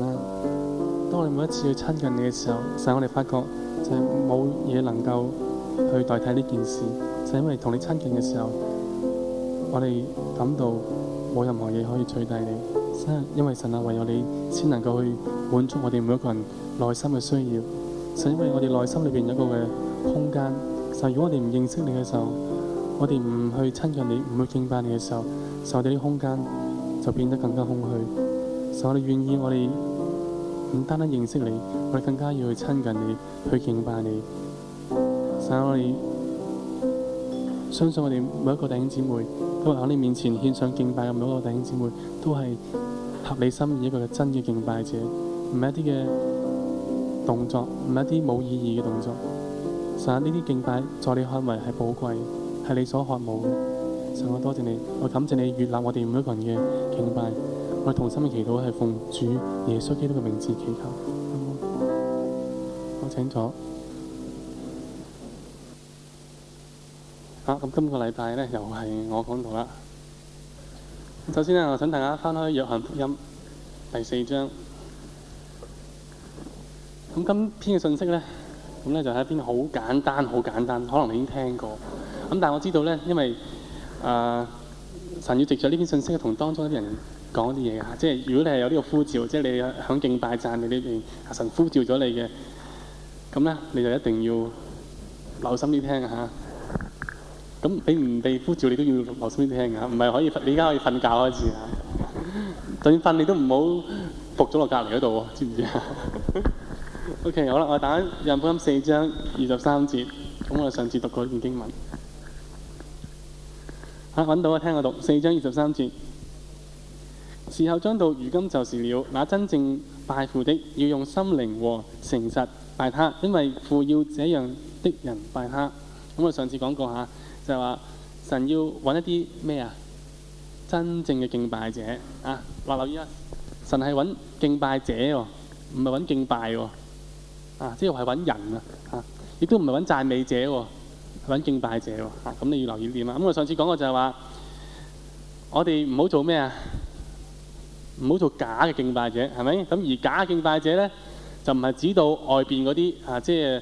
啦！當你每一次去親近你嘅時候，就我哋發覺就係冇嘢能夠去代替呢件事，就因為同你親近嘅時候，我哋感到冇任何嘢可以取代你。因為神啊，唯有你先能夠去滿足我哋每一個人內心嘅需要。就因為我哋內心裏邊有一個嘅空間，就如果我哋唔認識你嘅時候，我哋唔去親近你，唔去敬拜你嘅時候，所以我哋啲空間就變得更加空虛。我哋願意，我哋唔單單認識你，我哋更加要去親近你，去敬拜你。所以我哋相信我哋每一個弟兄姊妹都喺你面前獻上敬拜嘅每一個弟兄姊妹都係合你心意一個真嘅敬拜者，唔係一啲嘅動作，唔係一啲冇意義嘅動作。神，呢啲敬拜在你看為係寶貴，係你所渴望。神，我多謝你，我感謝你悅納我哋每一群嘅敬拜。.我同心嘅祈禱係奉主耶穌基督嘅名字祈求。我請咗啊！咁今個禮拜咧，又係我講到啦。首先咧，我想大家翻開《約翰福音》第四章。咁今篇嘅信息咧，咁咧就係一篇好簡單、好簡單，可能你已經聽過。咁但係我知道咧，因為啊神要藉著呢篇信息同當中一啲人。講啲嘢啊！即係如果你係有呢個呼召，即係你響敬拜讚嘅呢邊，神呼召咗你嘅，咁咧你就一定要留心啲聽啊！咁俾唔被呼召你都要留心啲聽啊！唔係可以瞓，你而家可以瞓覺開始啊！就算瞓你都唔好伏咗落隔離嗰度喎，知唔知啊？OK，好啦，我打《約翰福音四章二十三節》，咁我上次讀過呢段經文，嚇揾到啊！聽我讀四章二十三節。時候將到，如今就是了。那真正拜父的，要用心靈和誠實拜他，因為父要這樣的人拜他。咁我上次講過吓，就係、是、話神要揾一啲咩啊？真正嘅敬拜者啊！留意啊，神係揾敬拜者喎、哦，唔係揾敬拜喎、哦、啊！即係係揾人啊！啊，亦都唔係揾讚美者喎、哦，揾敬拜者喎、哦。咁、啊、你要留意點啊？咁我上次講過就係話，我哋唔好做咩啊？唔好做假嘅敬拜者，係咪？咁而假敬拜者咧，就唔係指到外邊嗰啲啊，即係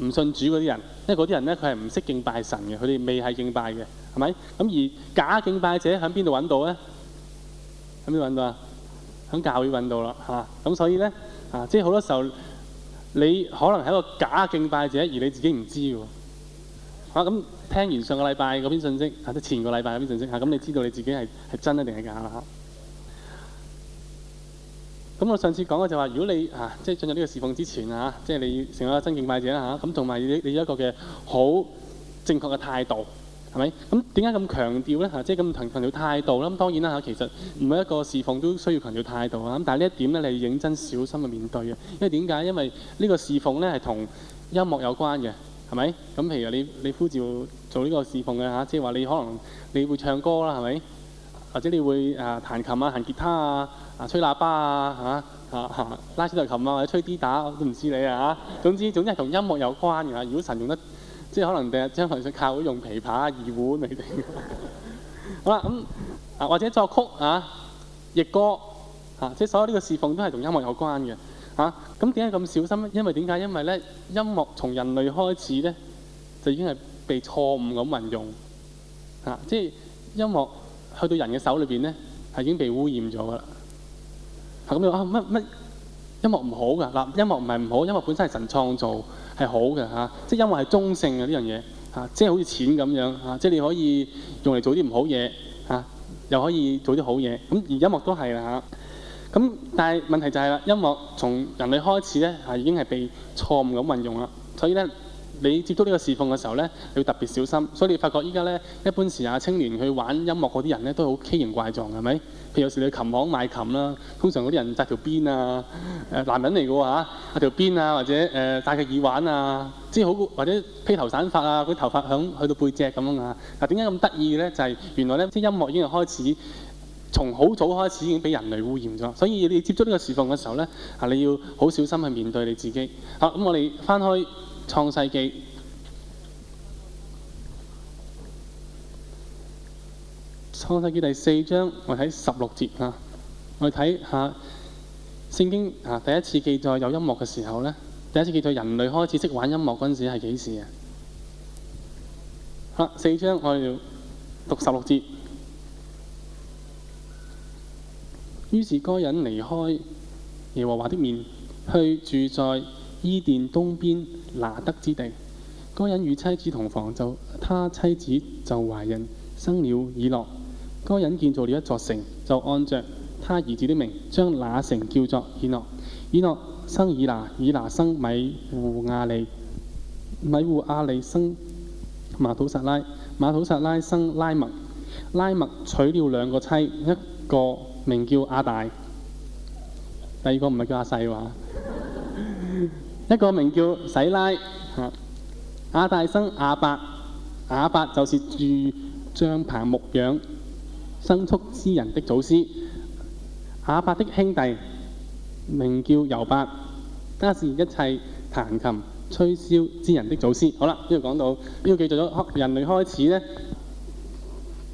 唔信主嗰啲人，因為嗰啲人咧佢係唔識敬拜神嘅，佢哋未係敬拜嘅，係咪？咁而假敬拜者喺邊度揾到咧？喺邊度揾到啊？喺教會揾到啦，嚇！咁所以咧啊，即係好多時候你可能係一個假敬拜者，而你自己唔知嘅喎。咁、啊、聽完上個禮拜嗰篇信息，或者前個禮拜嗰篇信息，嚇咁你知道你自己係係真定係假啦？咁我上次講嘅就話，如果你啊，即係進入呢個侍奉之前啊，即係你成為一個真敬拜者啦嚇，咁同埋你有一個嘅好正確嘅態度，係咪？咁點解咁強調咧嚇？即係咁強強調態度啦。咁當然啦嚇，其實每一個侍奉都需要強調態度啊。咁但係呢一點咧，你要認真小心去面對嘅，因為點解？因為呢個侍奉咧係同音樂有關嘅，係咪？咁譬如你你呼召做呢個侍奉嘅嚇，即係話你可能你會唱歌啦，係咪？或者你會誒彈琴啊、彈吉他啊。啊！吹喇叭啊，嚇、啊、嚇、啊、拉小提琴啊，或者吹 D 打我都唔知你啊，啊。總之總之，係同音樂有關嘅。如果神用得，即係可能第日將來上教會用琵琶、二胡，你哋 好啦。咁、嗯、啊，或者作曲啊，譯歌啊，即係所有呢個侍奉都係同音樂有關嘅。嚇，咁點解咁小心咧？因為點解？因為咧，音樂從人類開始咧，就已經係被錯誤咁運用嚇、啊。即係音樂去到人嘅手裏邊咧，係已經被污染咗噶啦。咁你話啊乜乜音樂唔好噶嗱？音樂唔係唔好，音樂本身係神創造係好嘅嚇、啊，即係音樂係中性嘅呢樣嘢嚇，即係好似錢咁樣嚇、啊，即係你可以用嚟做啲唔好嘢嚇、啊，又可以做啲好嘢。咁、啊、而音樂都係啦嚇。咁、啊、但係問題就係、是、啦，音樂從人類開始咧嚇、啊、已經係被錯誤咁運用啦。所以咧，你接觸呢個侍奉嘅時候咧，你要特別小心。所以你發覺依家咧一般時下青年去玩音樂嗰啲人咧，都好畸形怪狀嘅係咪？譬如有時你去琴行買琴啦，通常嗰啲人紮條辮啊，誒男人嚟嘅喎紮啊條辮啊或者誒、呃、戴個耳環啊，即係好或者披頭散髮啊，嗰啲頭髮響去到背脊咁樣啊，啊點解咁得意嘅咧？就係、是、原來咧啲音樂已經係開始從好早開始已經俾人類污染咗，所以你接觸呢個事奉嘅時候咧，啊你要好小心去面對你自己。好咁，我哋翻開創世記。創世記第四章，我睇十六節看啊。我哋睇下聖經啊，第一次記載有音樂嘅時候呢，第一次記載人類開始識玩音樂嗰陣時係幾時啊？四章我哋讀十六節。於是該隱離開耶和華的面，去住在伊甸東邊拿德之地。該隱與妻子同房，就他妻子就懷孕，生了以諾。嗰個人建造了一座城，就按着他兒子的名，將那城叫做以諾。以諾生以拿，以拿生米胡亞利，米胡亞利生馬土撒拉，馬土撒拉生拉麥，拉麥娶了兩個妻，一個名叫亞大，第二個唔係叫亞細話，一個名叫洗拉。亞大生亞伯，亞伯就是住帳棚牧羊。牲畜之人的祖師，雅伯的兄弟，名叫尤伯，他是一切彈琴吹簫之人的祖師。好啦，呢度講到呢度記載咗，人類開始呢，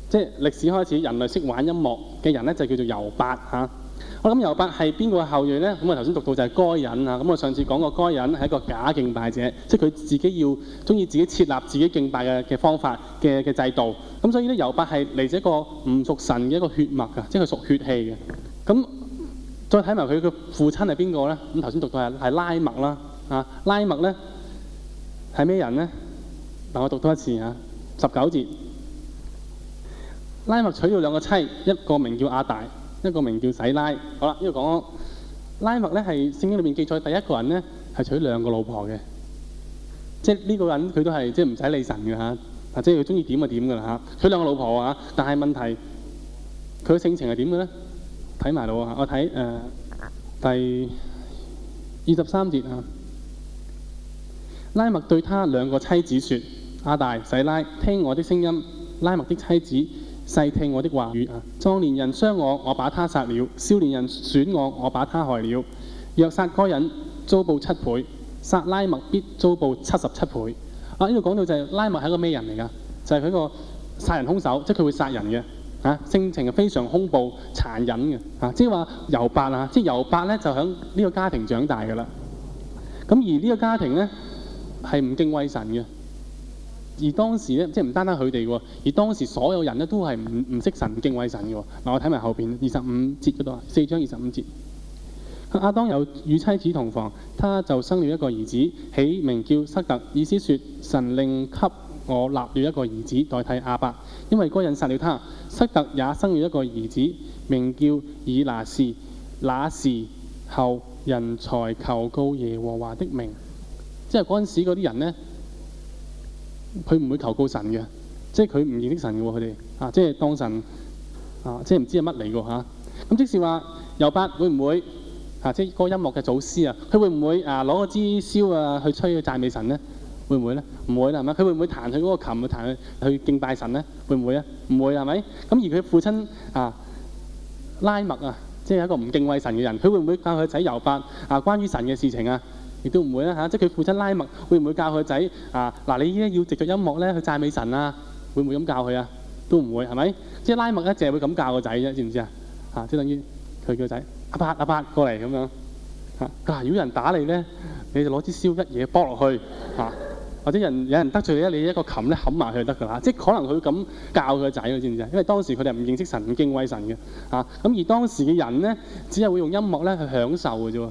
即係歷史開始，人類識玩音樂嘅人呢，就叫做尤伯嚇。啊我諗尤伯係邊個後裔咧？咁我頭先讀到就係該隱啊。咁我上次講過，該隱係一個假敬拜者，即係佢自己要中意自己設立自己敬拜嘅嘅方法嘅嘅制度。咁所以咧，尤伯係嚟自一個唔屬神嘅一個血脈噶，即係佢屬血氣嘅。咁再睇埋佢個父親係邊個咧？咁頭先讀到係係拉麥啦啊！拉麥咧係咩人咧？嗱，我讀多一次啊，十九節。拉麥娶咗兩個妻，一個名叫亞大。一個名叫洗拉，好啦，這說，呢度講拉麥咧，係聖經裏面記載第一個人咧，係娶兩個老婆嘅，即係呢個人佢都係即係唔使理神嘅吓，或者佢中意點就點噶啦吓，娶兩個老婆啊，但係問題佢嘅性情係點嘅咧？睇埋到啊，我睇誒、呃、第二十三節啊，拉麥對他兩個妻子說：阿大、洗拉，聽我的聲音。拉麥的妻子。細聽我的話語啊！壯年人傷我，我把他殺了；少年人損我，我把他害了。若殺該人，遭報七倍；殺拉麥必遭報七十七倍。啊！呢度講到就係拉麥係一個咩人嚟㗎？就係佢一個殺人兇手，即係佢會殺人嘅啊！性情係非常兇暴、殘忍嘅啊、就係、啊！即係話猶八啊，即係猶八咧就響呢個家庭長大㗎啦。咁而呢個家庭咧係唔敬畏神嘅。而當時咧，即係唔單單佢哋喎，而當時所有人咧都係唔唔識神唔敬畏神嘅喎。嗱，我睇埋後邊二十五節嗰度，四章二十五節。亞當有與妻子同房，他就生了一個兒子，起名叫塞特，意思説神令給我立了一個兒子代替亞伯，因為嗰人殺了他。塞特也生了一個兒子，名叫以拿士。那時候人才求告耶和華的名，即係嗰陣時嗰啲人呢。佢唔會求告神嘅，即係佢唔認識神嘅喎、啊，佢哋啊，即係當神啊，即係唔知係乜嚟嘅嚇。咁、啊、即使話猶八會唔會啊，即係嗰個音樂嘅祖師啊，佢會唔會啊攞個支簫啊去吹去讚美神咧？會唔會咧？唔會啦，係咪？佢會唔會彈佢嗰個琴去彈去去敬拜神咧？會唔會咧？唔會，係咪？咁而佢父親啊拉麥啊，即係一個唔敬畏神嘅人，佢會唔會教佢仔猶八啊關於神嘅事情啊？亦都唔會啦嚇，即係佢父親拉麥會唔會教佢個仔啊？嗱，你依家要藉著音樂咧去讚美神啊？會唔會咁教佢啊？都唔會係咪？即係拉麥淨係會咁教個仔啫，知唔知啊？嚇，即係等於佢個仔阿伯阿伯過嚟咁樣嚇。嗱，如果人打你咧，你就攞支燒一嘢剝落去嚇，或者人有人得罪你咧，你一個琴咧冚埋佢就得㗎啦。即係可能佢咁教佢個仔，知唔知啊？因為當時佢哋唔認識神敬畏神嘅嚇，咁而當時嘅人咧，只係會用音樂咧去享受㗎啫喎。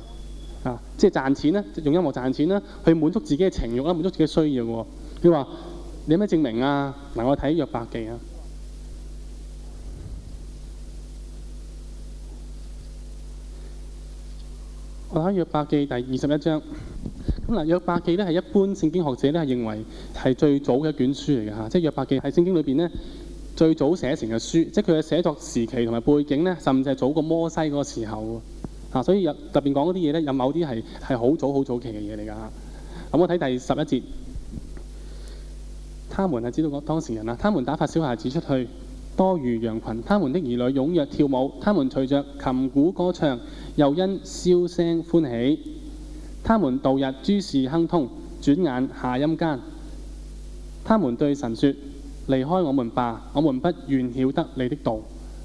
啊！即係賺錢咧，用音樂賺錢咧，去滿足自己嘅情慾啦，滿足自己嘅需要嘅喎、哦。佢話：你有咩證明啊？嗱、啊，我睇《約伯記》啊。我睇《約伯記》第二十一章。咁、啊、嗱，《約伯記》咧係一般聖經學者咧係認為係最早嘅一卷書嚟嘅嚇，即、啊、係《約伯記》係聖經裏邊咧最早寫成嘅書，即係佢嘅寫作時期同埋背景咧，甚至係早過摩西嗰個時候。啊，所以有特別講嗰啲嘢咧，有某啲係係好早好早期嘅嘢嚟㗎嚇。咁、啊、我睇第十一節，他們係知道個當時人啦。他們打發小孩子出去，多如羊群，他們的兒女踴躍跳舞，他們隨着琴鼓歌唱，又因簫聲歡喜。他們度日諸事亨通，轉眼下陰間。他們對神說：離開我們吧，我們不願曉得你的道。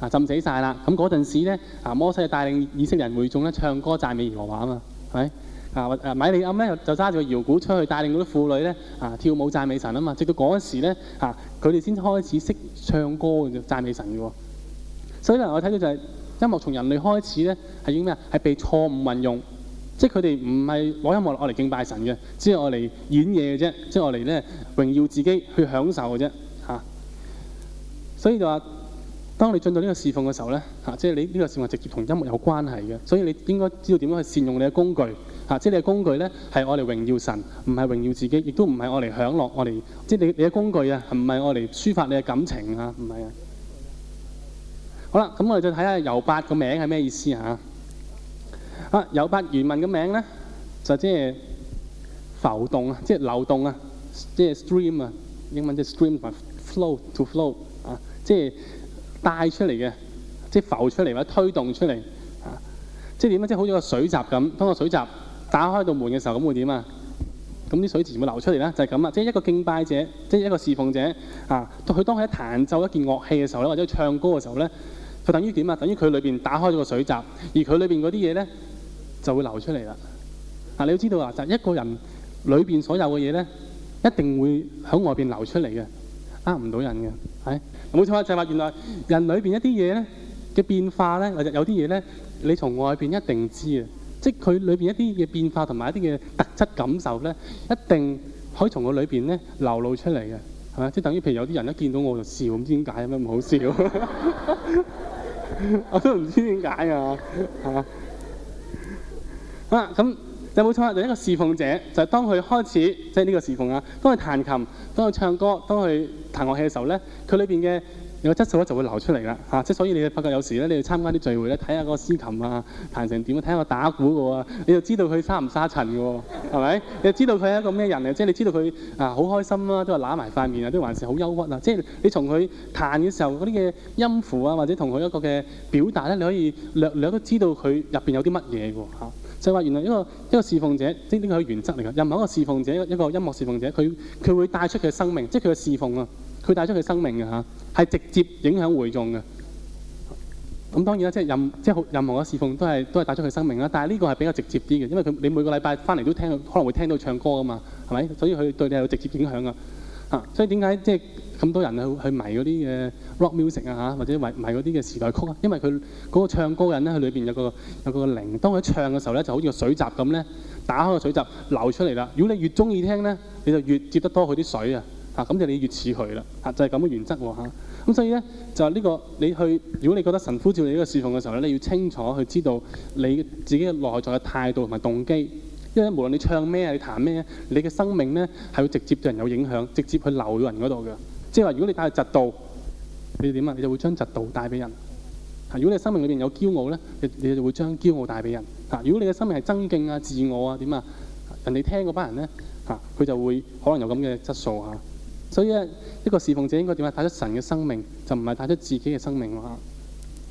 啊，浸死晒啦！咁嗰陣時咧，啊摩西就帶領以色列人會眾咧唱歌讚美耶和華啊嘛，係咪？啊，啊米利暗咧就揸住個搖鼓出去帶領嗰啲婦女咧啊跳舞讚美神啊嘛。直到嗰時咧，啊佢哋先開始識唱歌嘅啫，讚美神嘅喎、啊。所以咧，我睇到就係、是、音樂從人類開始咧係已經咩啊？係被錯誤運用，即係佢哋唔係攞音樂落嚟敬拜神嘅，只係嚟演嘢嘅啫，即係嚟咧榮耀自己去享受嘅啫，嚇、啊。所以就話。當你進到呢個侍奉嘅時候咧，嚇，即係你呢個侍奉直接同音樂有關係嘅，所以你應該知道點樣去善用你嘅工具嚇。即係你嘅工具咧，係用嚟榮耀神，唔係榮耀自己，亦都唔係用嚟享樂。用嚟即係你你嘅工具啊，係唔係用嚟抒發你嘅感情啊，唔係啊。好啦，咁我哋再睇下猶八個名係咩意思嚇啊？猶八漁民嘅名咧，就即係浮動啊，即係流動啊，即係 stream 啊，英文即係 stream or flow to flow 啊，即係。帶出嚟嘅，即係浮出嚟或者推動出嚟，啊，即係點樣？即係好似個水閘咁，當個水閘打開到門嘅時候，咁會點啊？咁啲水自然會流出嚟啦，就係咁啊！即係一個敬拜者，即係一個侍奉者，啊，佢當佢彈奏一件樂器嘅時候咧，或者唱歌嘅時候咧，佢等於點啊？等於佢裏邊打開咗個水閘，而佢裏邊嗰啲嘢咧就會流出嚟啦。啊，你要知道啊，就係一個人裏邊所有嘅嘢咧，一定會喺外邊流出嚟嘅，呃唔到人嘅，係。冇錯啊，就係話原來人裏邊一啲嘢咧嘅變化咧，或者有啲嘢咧，你從外邊一定知嘅，即係佢裏邊一啲嘅變化同埋一啲嘅特質感受咧，一定可以從個裏邊咧流露出嚟嘅，係嘛？即係等於譬如有啲人一見到我就笑，唔知點解咁樣咁好笑，我都唔知點解啊，係嘛？啊咁。有冇錯？就是、一個侍奉者，就係、是、當佢開始即係呢個侍奉啊，當佢彈琴、當佢唱歌、當佢彈樂器嘅時候咧，佢裏邊嘅有個質素咧就會流出嚟啦嚇。即、啊、係所以你發覺有時咧，你去參加啲聚會咧，睇下個司琴啊彈成點，睇下個打鼓嘅、啊、喎，你就知道佢沙唔沙塵嘅喎、哦，係咪？ 你就知道佢係一個咩人嚟？即、就、係、是、你知道佢啊好開心啦，都話揦埋塊面啊，都還是好憂鬱啊。即、就、係、是、你從佢彈嘅時候嗰啲嘅音符啊，或者同佢一個嘅表達咧，你可以略略都知道佢入邊有啲乜嘢嘅嚇。啊就話原來一個一個侍奉者，呢啲係佢嘅原則嚟㗎。任何一個侍奉者，一個一個音樂侍奉者，佢佢會帶出佢嘅生命，即係佢嘅侍奉啊。佢帶出佢生命㗎嚇，係直接影響會眾㗎。咁當然啦，即係任即係好任何一個侍奉都係都係帶出佢生命啦。但係呢個係比較直接啲嘅，因為佢你每個禮拜翻嚟都聽，可能會聽到唱歌㗎嘛，係咪？所以佢對你係有直接影響㗎。嚇，所以點解即係？咁多人去去迷嗰啲嘅 rock music 啊，嚇或者迷迷嗰啲嘅時代曲啊，因為佢嗰、嗰個唱歌人咧，佢裏邊有個有個靈。當佢唱嘅時候咧，就好似個水閘咁咧，打開個水閘流出嚟啦。如果你越中意聽咧，你就越接得多佢啲水啊，嚇、啊、咁就你越似佢啦，嚇、啊、就係咁嘅原則喎、啊，咁、啊、所以咧就係、這、呢個你去，如果你覺得神呼召你呢個事奉嘅時候咧，你要清楚去知道你自己嘅內在嘅態度同埋動機，因為無論你唱咩啊，你彈咩，你嘅生命咧係會直接對人有影響，直接去流到人嗰度嘅。即係話，如果你帶住嫉妒，你點啊？你就會將嫉妒帶俾人。嚇，如果你的生命裏邊有驕傲咧，你你就會將驕傲帶俾人。嚇，如果你嘅生命係爭競啊、自我啊，點啊？人哋聽嗰班人咧，嚇，佢就會可能有咁嘅質素嚇。所以咧，一個侍奉者應該點啊？帶出神嘅生命，就唔係帶出自己嘅生命哇。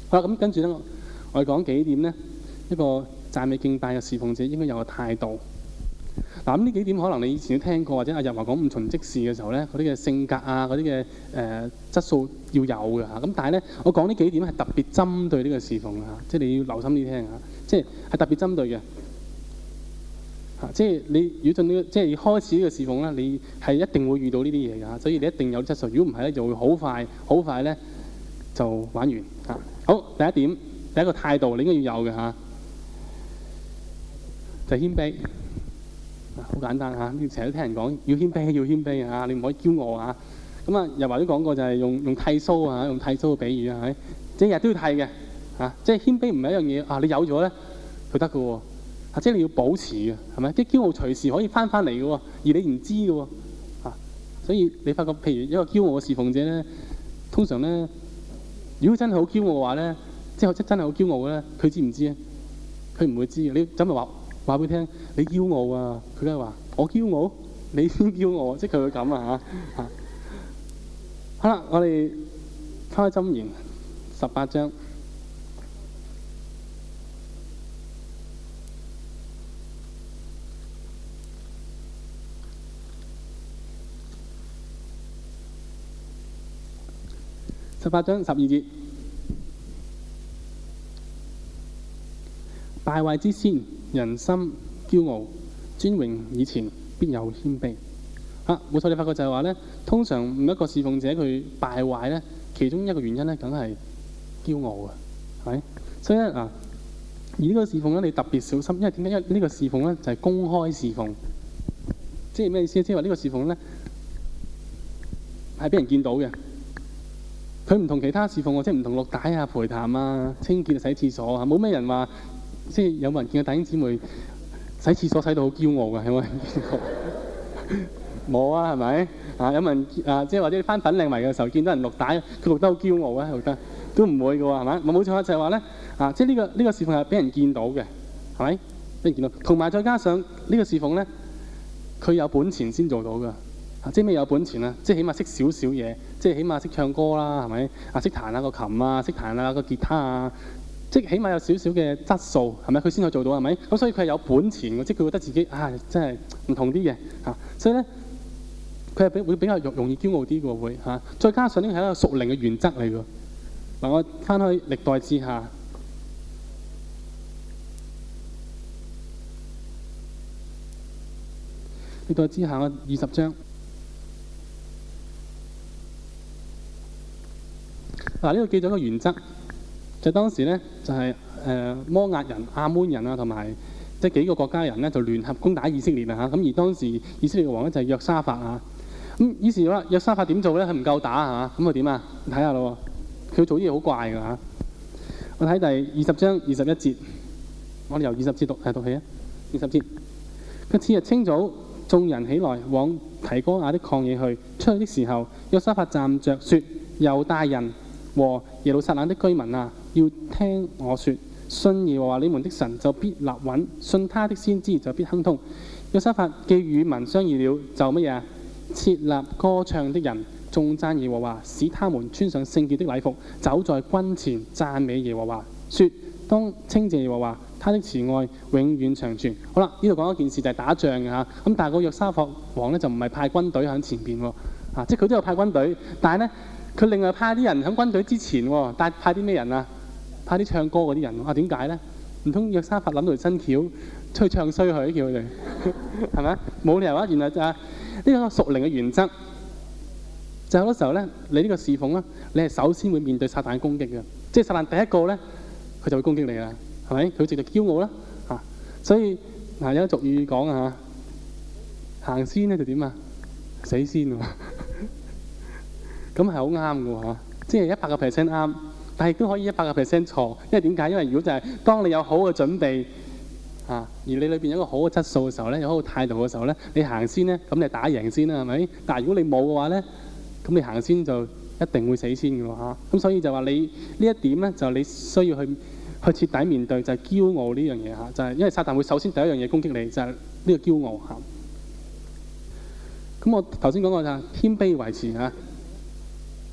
好啦，咁跟住咧，我哋講幾點咧？一個讚美敬拜嘅侍奉者應該有一個態度。嗱，咁呢幾點，可能你以前都聽過，或者阿日華講唔循即事嘅時候咧，嗰啲嘅性格啊，嗰啲嘅誒質素要有嘅嚇。咁但係咧，我講呢幾點係特別針對呢個侍奉嘅嚇，即係你要留心啲聽嚇，即係係特別針對嘅嚇。即係你如果進呢，即係開始呢個侍奉咧，你係一定會遇到呢啲嘢㗎，所以你一定有質素。如果唔係咧，就會好快好快咧就玩完嚇。好，第一點，第一個態度，你應該要有嘅嚇，就謙卑。好簡單、啊、你成日都聽人講要謙卑，要謙卑啊！你唔可以驕傲啊！咁啊，又話都講過就係用用剃鬚啊，用剃鬚嘅比喻係咪？即日都要剃嘅嚇、啊，即係謙卑唔係一樣嘢啊！你有咗咧，佢得嘅喎，即你要保持嘅係咪？啲驕傲隨時可以翻翻嚟嘅喎，而你唔知嘅喎、啊、所以你發覺譬如一個驕傲嘅侍奉者咧，通常咧，如果真係好驕傲嘅話咧，即係真係好驕傲嘅咧，佢知唔知啊？佢唔會知你怎咪話？話俾佢聽，你驕傲啊！佢梗係話我驕傲，你先驕傲，即係佢會咁啊嚇！好啦，我哋開箴言十八章，十八章十二節，敗壞之先，人心驕傲，尊榮以前必有謙卑。嚇，冇錯，你發覺就係話咧，通常每一個侍奉者佢敗壞咧，其中一個原因咧，梗係驕傲啊，係。所以咧啊，而呢個侍奉咧，你特別小心，因為點解？因為呢個侍奉咧，就係公開侍奉，即係咩意思？即係話呢個侍奉咧，係俾人見到嘅。佢唔同其他侍奉喎，即係唔同錄帶啊、陪談啊、清潔洗廁所啊，冇咩人話。即係有冇人見過大英姊妹洗廁所洗到好驕傲㗎？有冇人見過？冇 啊，係咪？啊，有冇人見啊？即係或者你翻粉嶺圍嘅時候見到人錄帶，佢錄得好驕傲啊，覺得都唔會嘅喎，係咪？冇錯就係話咧，啊，即係呢、呢個呢、呢個侍奉係俾人見到嘅，係咪？俾人見到，同埋再加上、呢個、呢個侍奉咧，佢有本錢先做到㗎、啊，即係咩有本錢啊，即係起碼識少少嘢，即係起碼識唱歌啦，係咪？啊，識彈下、啊、個琴啊，識彈下、啊、個吉他啊。即係起碼有少少嘅質素，係咪？佢先可以做到，係咪？咁所以佢係有本錢嘅，即係佢覺得自己啊，真係唔同啲嘅嚇。所以咧，佢係比會比較容容易驕傲啲嘅會嚇。再加上呢個係一個屬靈嘅原則嚟嘅。嗱，我翻去歷代志下，歷代志下二十章。嗱，呢度記咗一個原則。就是當時呢，就係誒摩押人、亞門人啊，同埋即係幾個國家人呢，就聯合攻打以色列啊！嚇，咁而當時以色列王呢，就係約沙法啊。咁於是話約沙法點做咧？佢唔夠打啊！咁佢點啊？睇下咯，佢做啲嘢好怪㗎嚇。我睇第二十章二十一節，我哋由二十節讀係讀起啊。二十節，咁次日清早，眾人起來往提哥亞的曠野去。出去的時候，約沙法站着説：猶大人和耶路撒冷的居民啊！要聽我説，信耶和華你們的神就必立穩，信他的先知就必亨通。約沙法既與民商議了，就咩啊設立歌唱的人，頌讚耶和華，使他們穿上聖潔的禮服，走在軍前讚美耶和華，説：當稱謝耶和華，他的慈愛永遠長存。好啦，呢度講一件事就係打仗嘅吓。咁但係個約沙法王呢，就唔係派軍隊響前邊喎，啊，即係佢都有派軍隊，但係呢，佢另外派啲人響軍隊之前，但係派啲咩人啊？嚇啲唱歌嗰啲人，啊，點解咧？唔通約沙法諗到條新橋出去唱衰佢，叫佢哋係咪啊？冇理由啊！原來就係呢個屬靈嘅原則，就好多時候咧，你呢個侍奉啊，你係首先會面對撒旦攻擊嘅，即係撒旦第一個咧，佢就會攻擊你啦，係咪？佢直接驕傲啦嚇，所以嗱有俗語講啊嚇，行先咧就點啊？死先啊！咁係好啱嘅喎，即係一百個 percent 啱。但係都可以一百個 percent 錯，因為點解？因為如果就係當你有好嘅準備嚇、啊，而你裏邊有一個好嘅質素嘅時候咧，有好嘅態度嘅時候咧，你行先呢你行先咧，咁你打贏先啦，係咪？但係如果你冇嘅話咧，咁你行先就一定會死先嘅喎嚇。咁、啊、所以就話你呢一點咧，就你需要去去徹底面對，就係、是、驕傲呢樣嘢嚇，就係、是、因為撒旦會首先第一樣嘢攻擊你，就係、是、呢個驕傲嚇。咁、啊、我頭先講過就謙卑維持嚇、啊，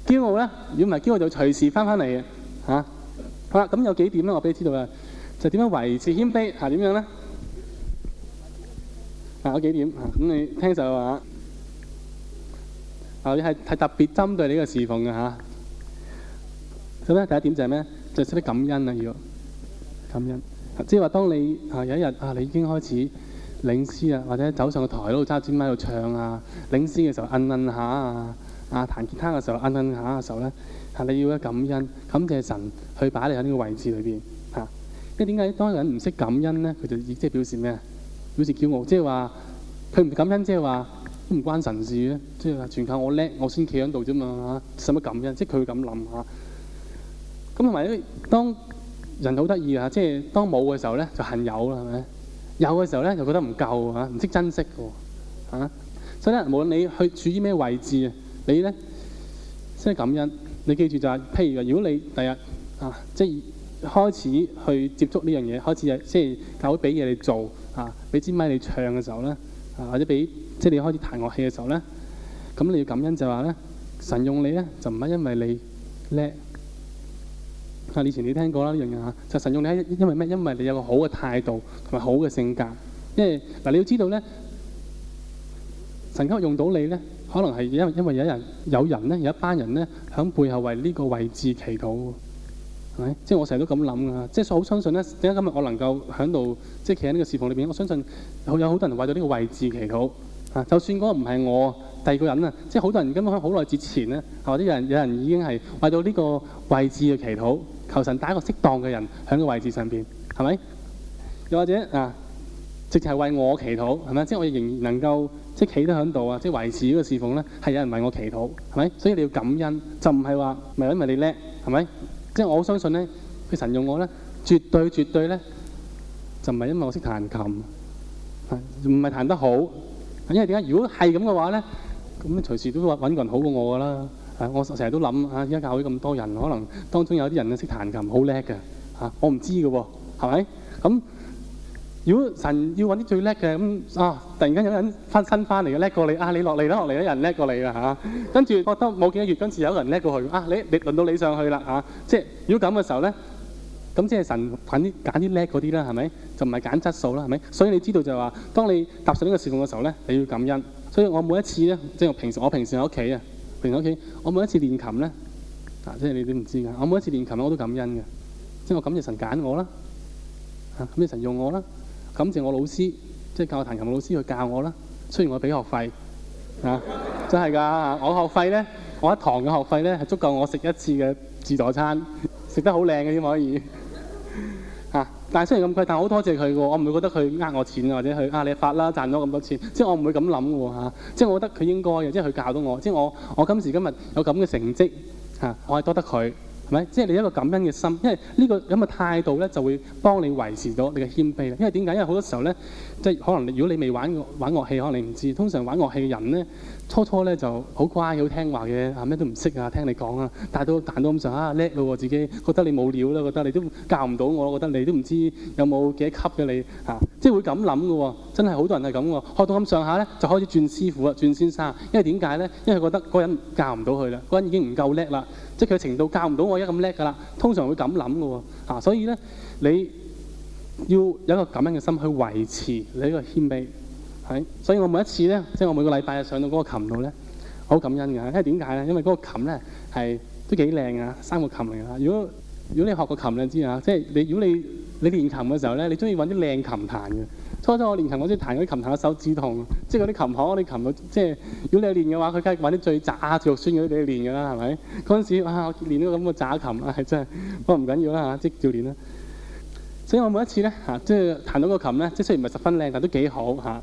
驕傲咧，如果唔係驕傲，就隨時翻返嚟嘅。好啦，咁、啊啊、有幾點咧？我畀你知道嘅，就點、是、樣維持謙卑點、啊、樣呢、啊？有幾點咁、啊、你聽就話啊，你係特別針對呢個侍奉㗎。嚇、啊。咁、啊、咧，第一點就係咩？就出、是、識得感恩啊，要感恩，啊、即係話當你、啊、有一日、啊、你已經開始領詩啊，或者走上個台喺度揸支麥喺度唱啊，領詩嘅時候摁摁下啊！彈吉他嘅時候，摁摁下嘅時候咧，係你要一感恩感謝神去擺在你喺呢個位置裏邊嚇。咁點解當人唔識感恩咧？佢就即係表示咩？表示驕傲，即係話佢唔感恩，即係話都唔關神事嘅，即係話全靠我叻，我先企喺度啫嘛嚇，使乜感恩？即係佢咁諗嚇。咁同埋咧，當人好得意嚇，即係當冇嘅時候咧就恨有啦，係、啊、咪？有嘅時候咧就覺得唔夠嚇，唔、啊、識珍惜嘅嚇、啊。所以咧，無論你去處於咩位置。你咧即係感恩，你記住就係、是，譬如話，如果你第日啊，即係開始去接觸呢樣嘢，開始、就是、即係教會俾嘢你，你做啊，俾支咪你唱嘅時候咧，啊或者俾即係你開始彈樂器嘅時候咧，咁你要感恩就話咧，神用你咧就唔係因為你叻啊，以前你聽過啦呢樣嘢就是、神用你係因為咩？因為你有個好嘅態度同埋好嘅性格，因為嗱、啊、你要知道咧，神級用到你咧。可能係因因為有人有人咧，有一班人咧，喺背後為呢個位置祈禱，係咪？即係我成日都咁諗㗎，即係所以好相信咧，點解今日我能夠喺度即係企喺呢個侍奉裏邊？我相信有有好多人為咗呢個位置祈禱啊！就算嗰個唔係我第二個人啊，即係好多人根本喺好耐之前咧，或者有人有人已經係為到呢個位置嘅祈禱，求神帶一個適當嘅人喺個位置上邊，係咪？又或者啊，直情係為我祈禱係咪？即係我仍然能夠。即係企得喺度啊！即係維持呢個侍奉咧，係有人為我祈禱，係咪？所以你要感恩，就唔係話咪因為你叻，係咪？即係我相信咧，佢神用我咧，絕對絕對咧，就唔係因為我識彈琴嚇，唔係彈得好嚇，因為點解？如果係咁嘅話咧，咁隨時都搵個人好過我噶啦嚇！我成日都諗啊，而家教會咁多人，可能當中有啲人啊識彈琴好叻嘅嚇，我唔知嘅喎，係咪？咁。如果神要揾啲最叻嘅咁啊，突然間有人翻身翻嚟嘅叻過你啊，你落嚟啦，落嚟有人叻過你啊嚇。跟住覺得冇幾多月，跟住有人叻過去，啊，你你啊你啊你你輪到你上去啦嚇啊。即係如果咁嘅時候咧，咁即係神揀啲揀啲叻嗰啲啦，係咪？就唔係揀質素啦，係咪？所以你知道就係話，當你踏上呢個事奉嘅時候咧，你要感恩。所以我每一次咧，即係我平時我平時喺屋企啊，平時喺屋企，我每一次練琴咧，啊，即係你都唔知㗎。我每一次練琴我都感恩嘅，即係我感謝神揀我啦，嚇、啊，感謝神用我啦。感謝我老師，即係教彈琴老師去教我啦。雖然我俾學費，啊，真係㗎，我學費呢，我一堂嘅學費呢，係足夠我食一次嘅自助餐，食得好靚嘅先可以。啊，但係雖然咁貴，但係好多謝佢嘅，我唔會覺得佢呃我錢或者佢呃、啊、你法啦，賺咗咁多錢，即我唔會咁諗嘅。即我覺得佢應該嘅，即佢教到我，即我，我今時今日有咁嘅成績，啊、我係多得佢。係咪？即係你一個感恩嘅心，因為、這個這個、呢個咁嘅態度咧，就會幫你維持到你嘅謙卑。因為點解？因為好多時候咧，即係可能如果你未玩過玩樂器，可能你唔知道。通常玩樂器嘅人咧，初初咧就好乖、好聽話嘅，嚇、啊、咩都唔識啊，聽你講啊，但到但到咁上下叻嘞喎，自己覺得你冇料啦，覺得你都教唔到我，覺得你都唔知有冇幾多級嘅你嚇、啊，即係會咁諗嘅喎，真係好多人係咁喎，學到咁上下咧就開始轉師傅啊、轉先生，因為點解咧？因為覺得嗰人教唔到佢啦，嗰人已經唔夠叻啦，即係佢嘅程度教唔到我而家咁叻嘅啦，通常會咁諗嘅喎，所以咧你要有一個咁樣嘅心去維持你呢個謙卑。係，所以我每一次咧，即係我每個禮拜上到嗰個琴度咧，好感恩嘅。因為點解咧？因為嗰個琴咧係都幾靚嘅，三個琴嚟嘅。如果如果你學過琴，你知啊，即係你如果你你練琴嘅時候咧，你中意揾啲靚琴彈嘅。初初我練琴，我中意彈嗰啲琴彈，手指痛。即係嗰啲琴行嗰啲琴，即係如果你係練嘅話，佢梗係揾啲最渣啊、最酸嗰啲俾你練嘅啦，係咪？嗰陣時哇，我練到咁嘅渣琴啊，真係不過唔緊要啦，即照練啦。所以我每一次咧嚇，即係彈到個琴咧，即係雖然唔係十分靚，但都幾好嚇。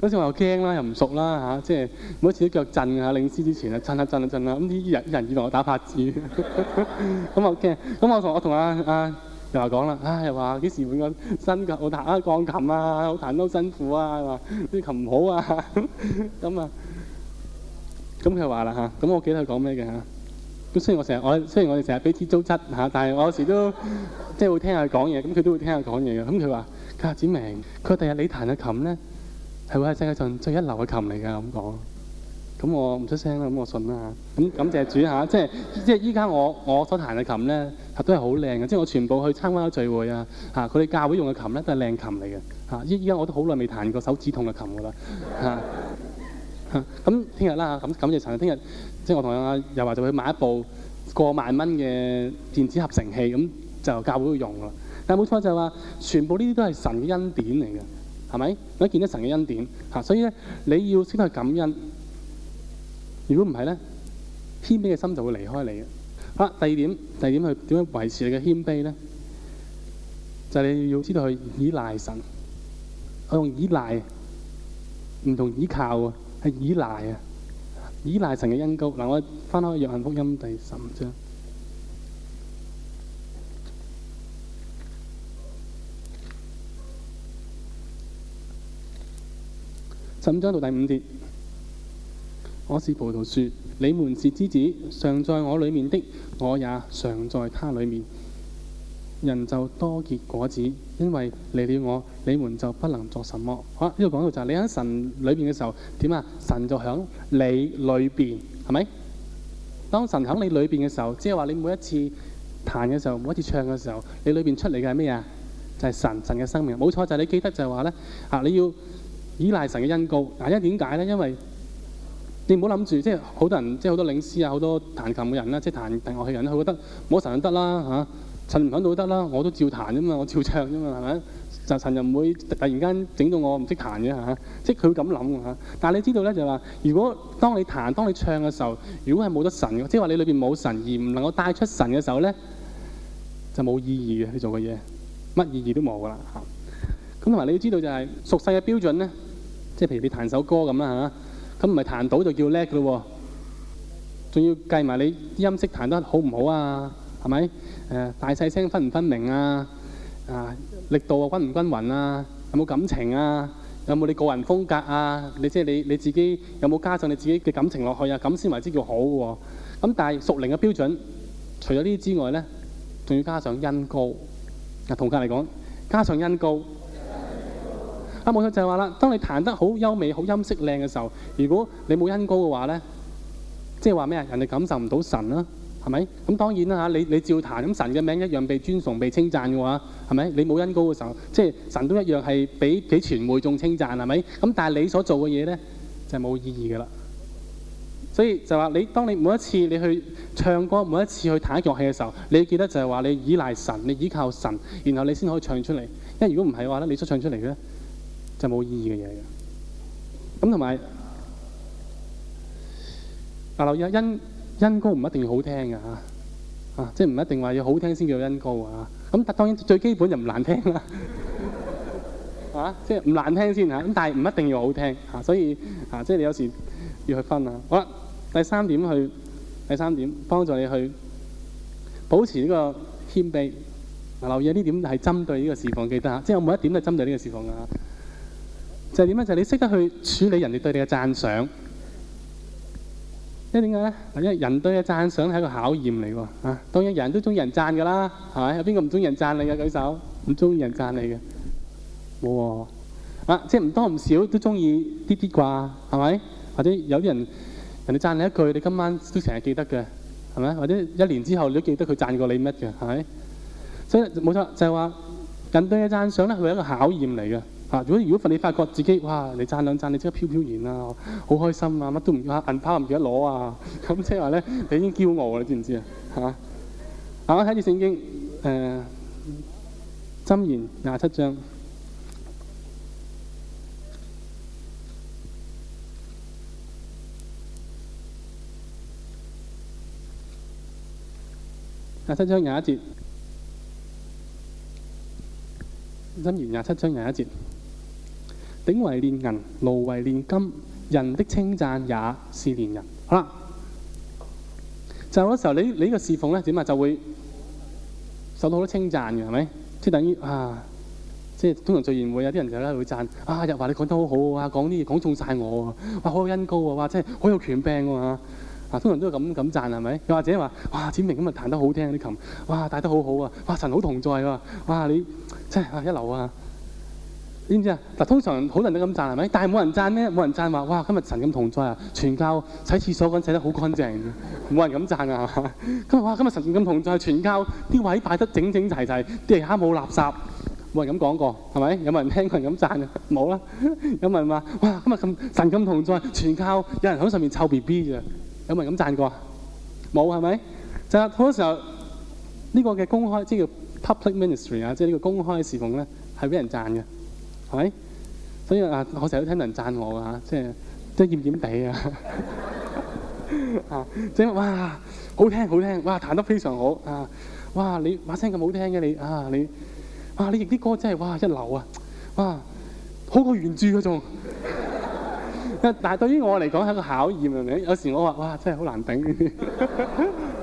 好似 我又驚啦，又唔熟啦嚇、啊，即係每一次都腳震啊！領詩之前啊，震下震下震啦。咁啲人人以為我打拍子，咁我驚。咁我同我同阿阿又話講啦，唉、啊，又話幾、啊、時換個新琴？我彈下鋼琴啊，好彈都辛苦啊，話啲琴唔好啊。咁啊，咁佢話啦嚇，咁、啊、我記得佢講咩嘅嚇。咁、啊、雖然我成日我雖然我哋成日彼此糟質嚇、啊，但係我有時都即係會聽下佢講嘢，咁、啊、佢都會聽下講嘢嘅。咁佢話，阿、啊、子明，佢話第日你彈下琴咧。係會係世界上最一流嘅琴嚟㗎，咁講。咁我唔出聲啦，咁我信啦。咁感謝主嚇、啊，即係即係依家我我所彈嘅琴咧，都係好靚嘅。即係我全部去參加咗聚會啊，嚇！佢哋教會用嘅琴咧都係靚琴嚟嘅。嚇、啊！依依家我都好耐未彈過手指痛嘅琴㗎啦。嚇、啊！咁聽日啦嚇，咁、啊啊、感謝神。聽日即係我同阿、啊、又華就去買一部過萬蚊嘅電子合成器，咁就教會會用啦。但、啊、冇錯就係話，全部呢啲都係神嘅恩典嚟嘅。係咪？我見到神嘅恩典，吓，所以咧你要先去感恩。如果唔係咧，謙卑嘅心就會離開你嘅。好啦，第二點，第二點去點樣維持你嘅謙卑咧？就係你要知道去依賴神，我用依賴，唔同依靠啊，係依賴啊，依賴神嘅恩膏。嗱，我翻開約翰福音第十五章。十五章到第五節，我是葡萄樹，你們是枝子，常在我裏面的，我也常在他裏面。人就多結果子，因為離了我，你們就不能作什麼。好、啊、啦，呢度講到就係你喺神裏邊嘅時候，點啊？神就響你裏邊，係咪？當神響你裏邊嘅時候，即係話你每一次彈嘅時候，每一次唱嘅時候，你裏邊出嚟嘅係咩啊？就係、是、神，神嘅生命。冇錯，就係、是、你記得就係話咧，啊，你要。依賴神嘅恩膏，嗱，因為點解咧？因為你唔好諗住，即係好多人，即係好多領詩啊，好多彈琴嘅人啦，即係彈彈樂器人，佢覺得冇神就得啦嚇，神唔響都得啦，我都照彈啫嘛，我照唱啫嘛，係咪？神就神又唔會突然間整到我唔識彈嘅嚇、啊，即係佢咁諗嘅嚇。但係你知道咧，就話、係、如果當你彈、當你唱嘅時候，如果係冇得神嘅，即係話你裏邊冇神而唔能夠帶出神嘅時候咧，就冇意義嘅你做嘅嘢，乜意義都冇噶啦嚇。咁同埋你要知道，就係屬世嘅標準咧，即係譬如你彈首歌咁啦嚇，咁唔係彈到就叫叻嘅咯，仲要計埋你音色彈得好唔好啊？係咪？誒大細聲分唔分明啊？啊，力度啊均唔均勻啊？有冇感情啊？有冇你個人風格啊？你即係你你自己有冇加上你自己嘅感情落去啊？咁先為之叫好嘅喎。咁但係屬靈嘅標準，除咗呢啲之外咧，仲要加上恩膏。嗱，同格嚟講，加上恩膏。冇錯就話啦，當你彈得好優美、好音色靚嘅時候，如果你冇恩高嘅話咧，即係話咩啊？人哋感受唔到神啦，係咪？咁當然啦你你照彈咁神嘅名一樣被尊崇、被稱讚嘅話，係咪？你冇恩高嘅時候，即係神都一樣係俾幾傳媒仲稱讚係咪？咁但係你所做嘅嘢咧就冇、是、意義噶啦。所以就話你，當你每一次你去唱歌、每一次去彈樂器嘅時候，你記記得就係話你依賴神、你依靠神，然後你先可以唱出嚟。因為如果唔係嘅話咧，你出唱出嚟嘅咧？就冇意義嘅嘢嘅咁，同埋留意啊，音音高唔一定要好聽㗎吓啊，即係唔一定話要好聽先叫音高啊。咁當然最基本就唔難聽啦，啊，即係唔難聽先吓。咁但係唔一定要好聽吓，所以啊，即係你有時要去分啊。好啦，第三點去第三點，幫助你去保持呢個謙卑。留意啊，呢點係針對呢個視況，記得吓。即係我每一點都係針對呢個視況㗎吓。就係點啊？就係你識得去處理人哋對你嘅讚賞，因為點解咧？因為人對嘅讚賞係一個考驗嚟㗎嚇。當然人都中意人讚㗎啦，係咪？有邊個唔中意人讚你嘅舉手？唔中意人讚你嘅冇啊！即係唔多唔少都中意啲啲啩，係咪？或者有啲人人哋讚你一句，你今晚都成日記得嘅，係咪？或者一年之後你都記得佢讚過你乜嘅，係咪？所以冇錯，就係話人對嘅讚賞咧，佢係一個考驗嚟嘅。嗱，如果如果你發覺自己哇，你讚兩讚，你即刻飄飄然啊，好開心啊，乜都唔，銀包唔記得攞啊，咁即係話咧，你已經驕傲啦，你知唔知啊？嚇，啊，睇住聖經，誒，箴言廿七章，廿七章廿一節，箴言廿七章廿一節。鼎為鍊銀，爐為鍊金，人的稱讚也是鍊人。好啦，就有時候你，你你個侍奉呢點啊就會受到好多稱讚嘅，係咪？即等於啊，即、就是、通常聚宴會有啲人就係會讚啊，又話你講得好好啊，講啲嘢講中晒我啊，哇好有恩膏啊，哇真係好有權柄啊，啊通常都係咁咁讚係咪？又或者話哇，展明今日彈得好聽啲、啊、琴，哇、啊、帶得好好啊，哇神好同在啊，哇、啊、你真係一流啊！知唔知啊？嗱，通常好多人都咁讚係咪？但係冇人讚咧，冇人讚話哇！今日神咁同在啊，全靠洗廁所嗰陣洗得好乾淨，冇人咁讚啊？係嘛？今日哇！今日神咁同在，全靠啲位擺得整整齊齊，地下冇垃圾，冇人咁講過係咪？有冇人聽過人咁讚啊？冇啦。有冇人話哇，今日咁神咁同在，全靠有人喺上面湊 B B 嘅？有冇人咁讚過？冇係咪？就好多時候呢、呢個嘅公開，即係叫 public ministry 啊，即係呢個公開侍奉咧，係俾人讚嘅。係，所以啊，我成日都聽人讚我㗎，即係即係厭厭哋啊，啊，即係哇，好聽好聽，哇彈得非常好啊，哇你把聲咁好聽嘅你啊你，哇你譯啲歌真係哇一流啊，哇好過原著嗰種，但係對於我嚟講係一個考驗係咪？有時我話哇真係好難頂，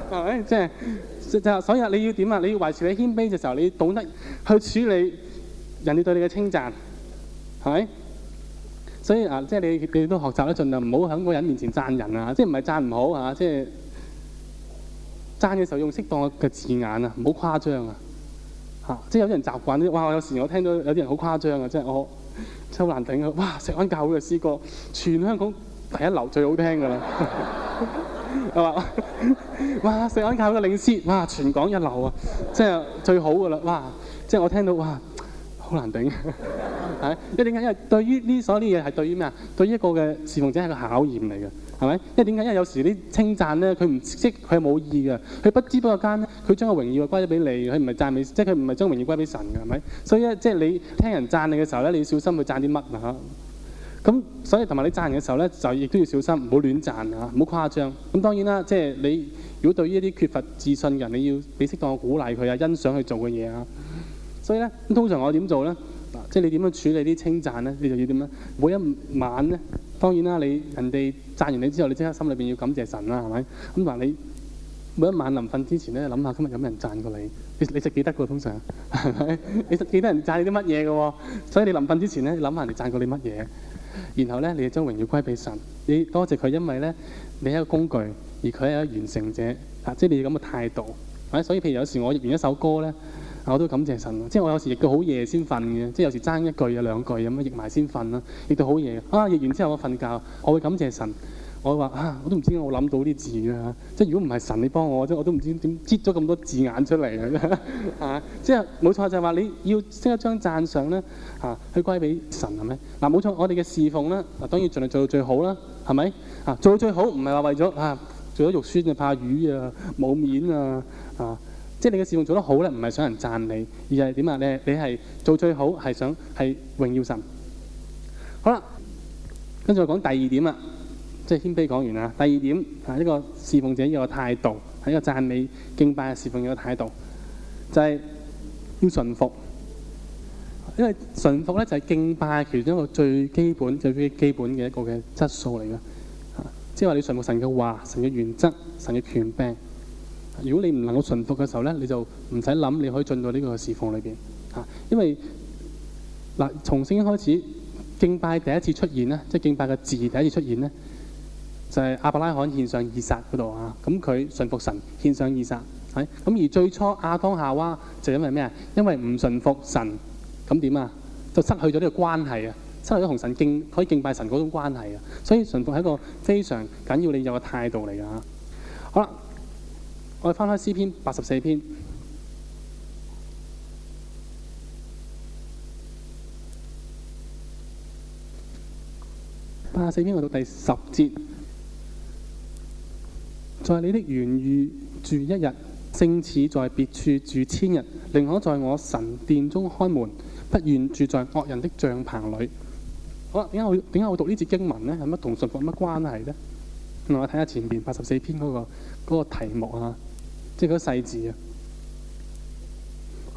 係咪？即係就所以你要點啊？你要維持你的謙卑嘅時候，你懂得去處理人哋對你嘅稱讚。係，right? 所以啊，即係你你哋都學習得盡量，唔好喺嗰人面前讚人啊，即係唔係讚唔好啊，即係讚嘅時候用適當嘅字眼啊，唔好誇張啊，嚇、啊！即係有啲人習慣啲，哇！我有時我聽到有啲人好誇張啊，即係我真係好難頂啊！哇！石安教會嘅詩歌，全香港第一流、最好聽㗎啦，我話 哇！石安教會嘅領詩，哇！全港一流啊，即係最好㗎啦！哇！即係我聽到哇！好難頂，係，因為點解？因為對於呢所有啲嘢係對於咩啊？對於一個嘅侍奉者係個考驗嚟嘅，係咪？因為點解？因為有時啲稱讚咧，佢唔識，佢冇意嘅，佢不知不覺間佢將個榮耀啊歸咗俾你，佢唔係讚美，即係佢唔係將榮耀歸俾神嘅，係咪？所以咧，即係你聽人讚你嘅時候咧，你要小心去讚啲乜啊嚇。咁所以同埋你讚人嘅時候咧，就亦都要小心，唔好亂讚啊，唔好誇張。咁當然啦，即係你如果對於一啲缺乏自信嘅人，你要俾適當嘅鼓勵佢啊，欣賞佢做嘅嘢啊。所以咧，咁通常我點做咧？啊，即係你點樣處理啲稱讚咧？你就要點咧？每一晚咧，當然啦，你人哋讚完你之後，你即刻心裏邊要感謝神啦，係咪？咁嗱，你每一晚臨瞓之前咧，諗下今日有咩人讚過你？你你識記得嘅喎，通常係咪？你識記得人讚你啲乜嘢嘅喎？所以你臨瞓之前咧，諗下人哋讚過你乜嘢，然後咧，你就將榮耀歸俾神，你多謝佢，因為咧，你係一個工具，而佢係一個完成者，啊，即係你有咁嘅態度。啊，所以譬如有時我完一首歌咧。我都感謝神咯，即係我有時譯到好夜先瞓嘅，即係有時爭一句啊兩句咁樣譯埋先瞓啦，譯到好夜啊！譯完之後我瞓覺，我會感謝神，我話啊，我都唔知我諗到啲字啊，即係如果唔係神你幫我，即我都唔知點擠咗咁多字眼出嚟啊！即係冇錯就係、識、話你要將一張讚賞咧啊，去歸俾神係咪？嗱冇錯，我哋嘅侍奉咧、啊，當然盡量做到最好啦，係咪啊？做到最好唔係話為咗啊做咗肉酸啊怕魚啊冇面啊啊！啊即係你嘅侍奉做得好咧，唔係想人讚你，而係點啊？你你係做最好係想係榮耀神。好啦，跟住我講第二點啊，即係謙卑講完啦。第二點係呢、這個侍奉者要個態度，係、這、一個讚美敬拜侍奉嘅態度，就係、是、要順服。因為順服咧就係敬拜其中一個最基本、最基本嘅一個嘅質素嚟嘅，即係話你順服神嘅話、神嘅原則、神嘅權柄。如果你唔能夠順服嘅時候咧，你就唔使諗，你可以進到呢個事奉裏邊嚇。因為嗱，從聖經開始敬拜第一次出現咧，即係敬拜嘅字第一次出現咧，就係、是、亞伯拉罕獻上以撒嗰度啊。咁佢順服神，獻上以撒係。咁而最初亞當夏娃就因為咩啊？因為唔順服神，咁點啊？就失去咗呢個關係啊，失去咗同神敬可以敬拜神嗰種關係啊。所以順服係一個非常緊要的你有嘅態度嚟㗎。好啦。我哋翻開詩篇八十四篇，八十四篇我讀第十節，在你的院宇住一日，勝似在別處住千日；寧可在我神殿中看門，不願住在惡人的帳棚裏。好啦，點解我點解我會讀呢節經文呢？有乜同信佛有乜關係呢？我睇下前面八十四篇嗰個嗰個題目啊。即係嗰個細字啊！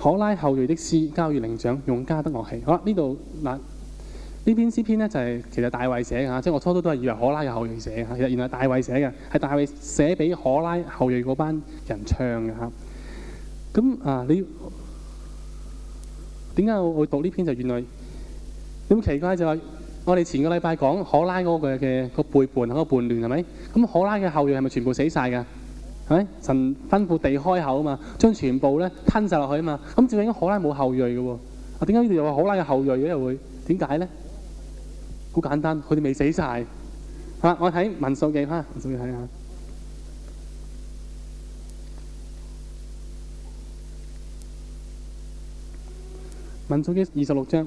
可拉後裔的詩交與伶長用迦特樂器。好啦，呢度嗱呢篇詩篇咧就係其實大衛寫嘅嚇，即係我初初都係以為可拉嘅後裔寫嘅嚇，其實原來係大衛寫嘅，係大衛寫俾可拉後裔嗰班人唱嘅嚇。咁啊，你點解我我讀呢篇就原來咁奇怪就係我哋前個禮拜講可拉嗰個嘅個背叛，嗰個叛亂係咪？咁可拉嘅後裔係咪全部死曬㗎？係神吩咐地開口啊嘛，將全部咧吞曬落去啊嘛，咁照樣可拉冇後裔嘅喎，啊點解呢度又話可拉有後裔咧？又會點解咧？好簡單，佢哋未死曬嚇。我睇民數記嚇，我先睇下民數記二十六章，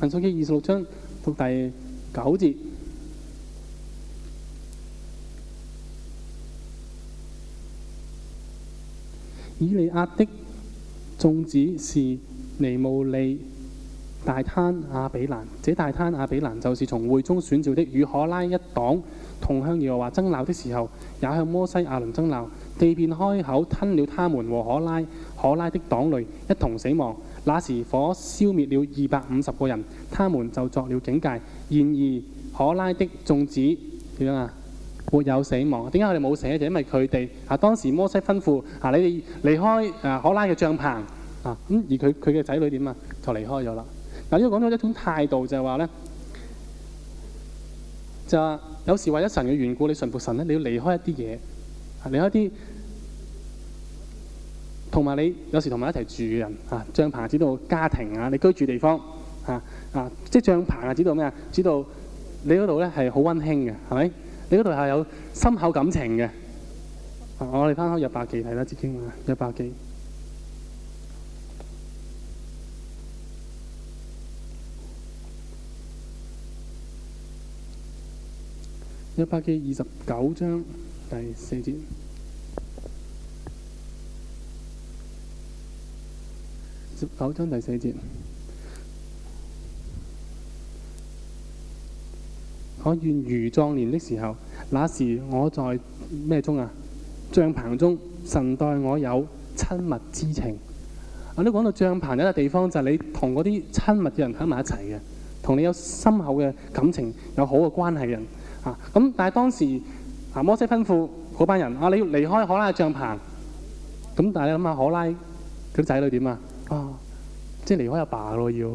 民數記二十六章第九節，以利亞的眾子是尼姆利、大攤阿比蘭。這大攤阿比蘭就是從會中選召的，與可拉一黨同向耶和華爭鬧的時候，也向摩西亞倫爭鬧，地便開口吞了他們和可拉、可拉的黨類一同死亡。那時火消滅了二百五十個人，他們就作了警戒。然而可拉的眾子點啊，沒有死亡。點解佢哋冇死？就因為佢哋啊，當時摩西吩咐啊，你哋離開啊可拉嘅帳篷啊。咁、嗯、而佢佢嘅仔女點啊，就離開咗啦。嗱，呢個講咗一種態度就，就係話咧，就有時為咗神嘅緣故，你信服神咧，你要離開一啲嘢，係、啊、離開一啲。同埋你有時同埋一齊住嘅人啊，帳棚指到家庭啊，你居住地方啊啊，即係帳棚啊指到咩啊？指到你嗰度咧係好溫馨嘅，係咪？你嗰度係有深厚感情嘅。我哋翻開一百幾睇啦，接經啊，一百幾，一百幾二十九章第四節。九章第四節，我願如壯年的時候，那時我在咩中啊？帳棚中，神待我有親密之情。我都講到帳棚有一個地方，就係你同嗰啲親密嘅人喺埋一齊嘅，同你有深厚嘅感情，有好嘅關係嘅人。啊，咁但係當時啊，摩西吩咐嗰班人啊，你要離開可拉嘅帳棚。咁但係你諗下，可拉佢啲仔女點啊？哦、離了爸爸了啊，即係離開阿爸咯，要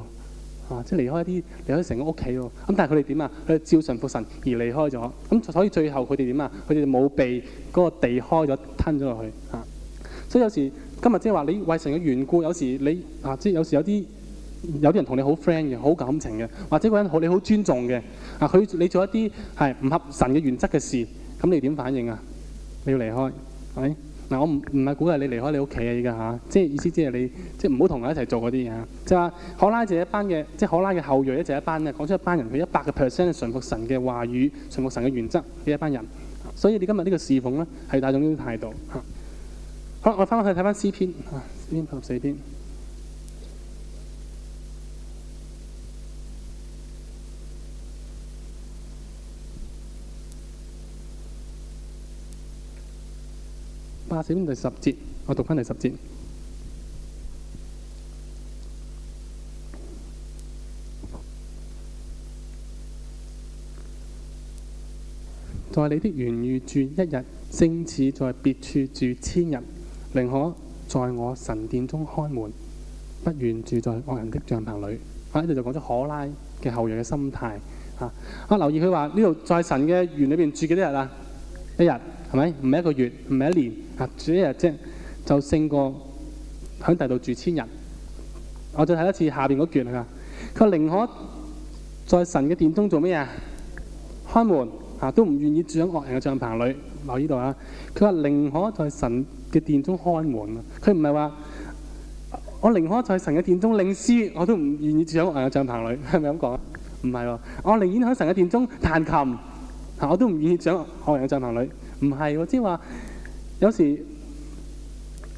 啊，即係離開一啲，離開成個屋企喎。咁但係佢哋點啊？佢哋照神服神而離開咗。咁所以最後佢哋點啊？佢哋冇被嗰個地開咗吞咗落去啊。所以有時今日即係話你為神嘅緣故，有時你啊，即係有時有啲有啲人同你好 friend 嘅，好感情嘅，或者個人好你好尊重嘅啊，佢你做一啲係唔合神嘅原則嘅事，咁你點反應啊？你要離開係咪？嗱，我唔唔係鼓勵你離開你屋企啊，而家吓，即係意思即係你，即係唔好同我一齊做嗰啲嘢啊！即係話可拉就一班嘅，即係可拉嘅後裔咧就一班嘅，講出一班人佢一百個 percent 嘅順服神嘅話語、順服神嘅原則嘅一班人，所以你今日呢個侍奉咧係帶種呢種態度嚇。好，我翻去睇翻詩篇啊，詩篇八十四篇。啊，詩篇第十節，我讀翻第十節。 在你的院宇住一日，勝似在別處住千日。寧可在我神殿中看門，不願住在惡人的帳篷裏。喺呢度就講咗可拉嘅後人嘅心態。吓，啊，啊留意佢話呢度在神嘅園裏面住幾多日啊？一日係咪？唔係一個月，唔係一年。住一日啫，就勝過喺第度住千日。我再睇一次下邊嗰段啊。佢話寧可在神嘅殿中做咩啊？開門嚇，都唔願意住喺惡人嘅帳棚裏。留意到啊，佢話寧可在神嘅殿中開門啊。佢唔係話我寧可在神嘅殿中領詩，我都唔願意住喺惡人嘅帳棚裏。係咪咁講？唔係喎，我寧願喺神嘅殿中彈琴。嚇！我都唔願意想學人嘅進行裏，唔係喎，即係話有時，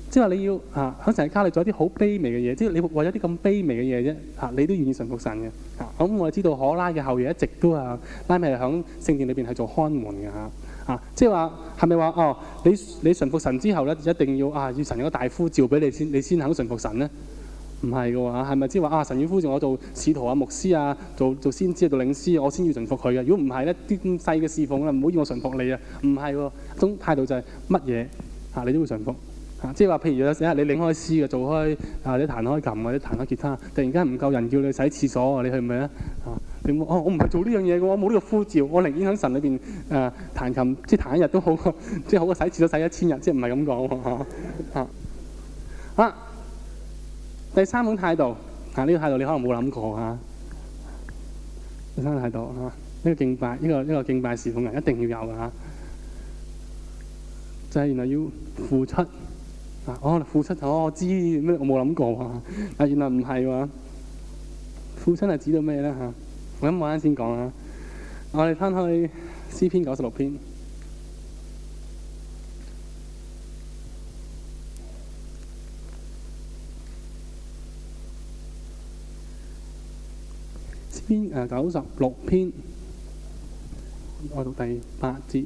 即係話你要嚇，喺神嘅家裏做一啲好卑微嘅嘢，即係你為咗啲咁卑微嘅嘢啫，嚇你都願意順服神嘅。嚇，咁我哋知道可拉嘅後裔一直都係拉米係喺聖殿裏邊係做看門嘅嚇。嚇，即係話係咪話哦？你你順服神之後咧，一定要啊要神有個大呼召俾你先，你先肯順服神咧？唔係嘅喎嚇，係咪即係話啊？神要呼召我做使徒啊、牧師啊、做做先知啊、做領詩啊，我先要順服佢嘅。如果唔係咧，啲細嘅侍奉啊，唔好要讓我順服你啊。唔係，種態度就係乜嘢嚇，你都會順服嚇、啊。即係話譬如有時你領開詩嘅做開啊，你彈開琴或者彈開吉他，突然間唔夠人叫你洗廁所去不啊，你係咪啊？咧你我我唔係做呢樣嘢嘅，我冇呢個呼召，我寧願喺神裏邊誒彈琴，即係彈一日都好，即係好過洗廁所洗一千日，即係唔係咁講喎嚇。第三種態度，啊呢、這個態度你可能冇諗過嚇、啊。第三個態度啊，呢、這個敬拜，呢、這個呢、這個敬拜事奉人一定要有嘅嚇、啊。就係、是、原來要付出，啊我、哦、付出，哦、我知咩我冇諗過喎、啊啊。原來唔係喎，付出係指到咩咧嚇？我等我啱先講嚇。我哋翻去詩篇九十六篇。篇九十六篇，我讀第八節。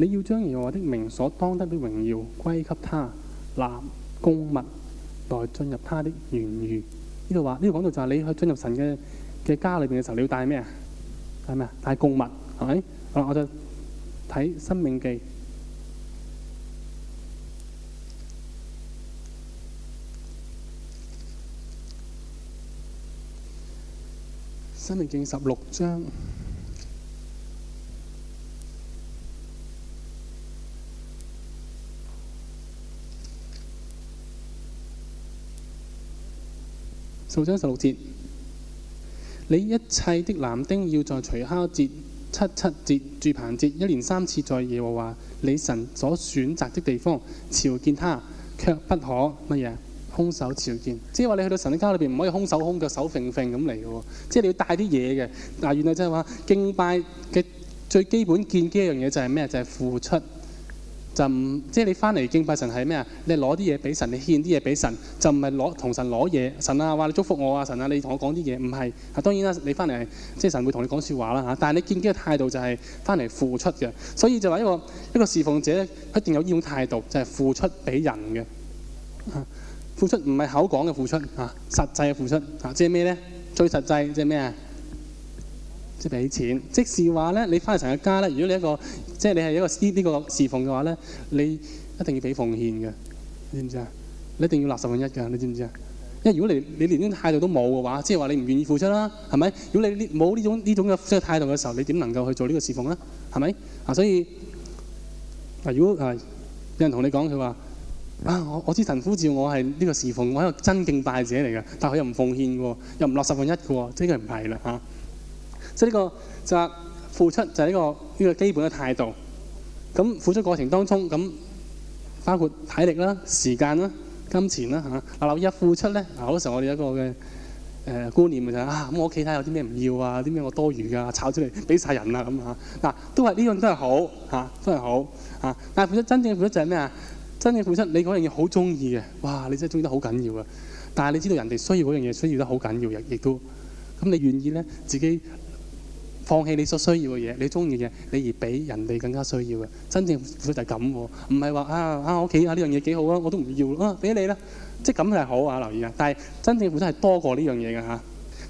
你要將耶和華的名所當得的榮耀歸給他，拿供物來進入他的院宇。呢度話，呢度講到就係你去進入神嘅嘅家裏邊嘅時候，你要帶咩啊？帶咩？帶供物係咪？好，我就睇生命記。申命記十六章，十五章十六節：你一切的男丁要在除酵節、七七節、住棚節一年三次在耶和華你神所選擇的地方朝見他，却不可乜嘢？空手朝見，即係話你去到神嘅家裏邊唔可以空手空腳手揈揈咁嚟嘅喎，即係你要帶啲嘢嘅。嗱，原來即係話敬拜嘅最基本見機一樣嘢就係咩？就係、是、付出，就唔即係你翻嚟敬拜神係咩啊？你攞啲嘢俾神，你獻啲嘢俾神，就唔係攞同神攞嘢。神啊，話你祝福我啊！神啊，你同我講啲嘢，唔係啊。當然啦，你翻嚟即係神會同你講說話啦嚇、啊。但係你見機嘅態度就係翻嚟付出嘅，所以就話一個一個侍奉者一定有呢種態度，就係、是、付出俾人嘅。啊付出唔係口講嘅付出嚇、啊，實際嘅付出嚇、啊，即係咩咧？最實際即係咩啊？即係俾錢。即是話咧，你翻去成日加咧，如果你一個即係你係一個呢呢、呢個侍奉嘅話咧，你一定要俾奉獻嘅，你知唔知啊？你一定要納十分一嘅，你知唔知啊？因為如果你你連呢態度都冇嘅話，即係話你唔願意付出啦、啊，係咪？如果你冇呢種呢種嘅呢個態度嘅時候，你點能夠去做呢個侍奉咧？係咪啊？所以啊，如果啊有人同你講佢話。啊！我我知道神呼召我係呢個侍奉，我係一個真敬拜者嚟嘅，但係佢又唔奉獻嘅，又唔落十分一嘅，呢佢唔係啦嚇。即係呢個就係、付出就係、呢個，就係呢個呢個基本嘅態度。咁付出過程當中，咁包括體力啦、啊、時間啦、啊、金錢啦嚇。嗱，留意一付出咧，好多時候我哋一個嘅誒、呃、觀念就係、是、啊，咁我屋企睇下有啲咩唔要啊，啲咩我多餘噶、啊，炒出嚟俾晒人啊咁嚇。嗱、啊，都係呢種都係好嚇、啊，都係好嚇、啊。但係付出真正付出就係咩啊？真正付出，你嗰樣嘢好中意嘅，哇！你真係中意得好緊要啊！但係你知道人哋需要嗰樣嘢，需要得好緊要，亦亦都咁你願意咧，自己放棄你所需要嘅嘢，你中意嘅嘢，你而俾人哋更加需要嘅，真正付出就係咁喎，唔係話啊啊我屋企啊呢樣嘢幾好啊，我，我都唔要啊，俾你啦，即係咁係好啊，留意啊，但係真正付出係多過呢樣嘢嘅嚇，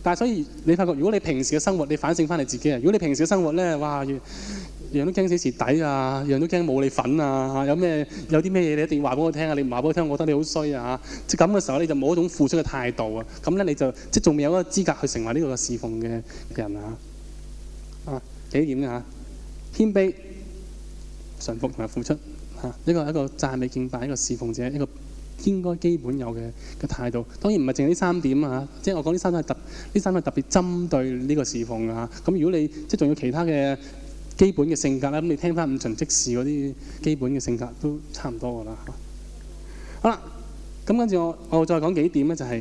但係所以你發覺如你你，如果你平時嘅生活，你反省翻你自己啊，如果你平時嘅生活咧，哇！要樣都驚死蝕底啊！樣都驚冇你份啊！有咩有啲咩嘢你一定要話俾我聽啊！你唔話俾我聽，我覺得你好衰啊！即係咁嘅時候，你就冇一種付出嘅態度啊！咁咧你就即仲未有嗰個資格去成為呢個侍奉嘅人啊！啊幾點啊？嚇？謙卑、順服同埋付出嚇、啊，一個一個讚美敬拜，一個侍奉者，一個應該基本有嘅嘅態度。當然唔係淨係呢三點啊！即係我講呢三點係、啊、特呢三點係特別針對呢個侍奉啊！咁如果你即係仲有其他嘅。基本嘅性格啦，咁你聽翻五常即係嗰啲基本嘅性格都差唔多噶啦。好啦，咁跟住我，我再講幾點咧，就係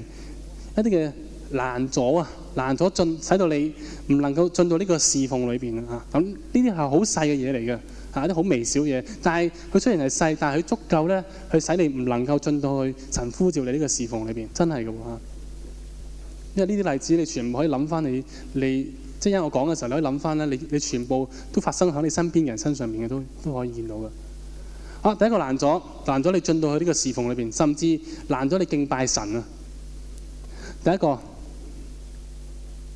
一啲嘅難阻啊，難阻進，使到你唔能夠進到呢個侍奉裏邊啊。咁呢啲係好細嘅嘢嚟嘅，係一啲好微小嘢，但係佢雖然係細，但係佢足夠咧，去使你唔能夠進到去神呼召你呢個侍奉裏邊，真係嘅喎嚇。因為呢啲例子你全部可以諗翻你，你。即係我講嘅時候，你可以諗翻你，你全部都發生喺你身邊嘅人身上面嘅，都可以見到嘅。好、啊，第一個難咗，難咗你進到去呢個侍奉裏面，甚至難咗你敬拜神。第一個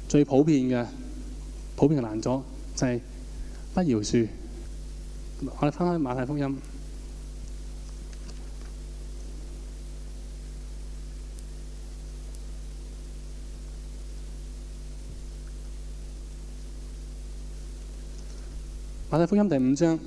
最普遍嘅普遍嘅難咗，就係不饒恕。我哋翻開馬太福音。馬太福音第五章，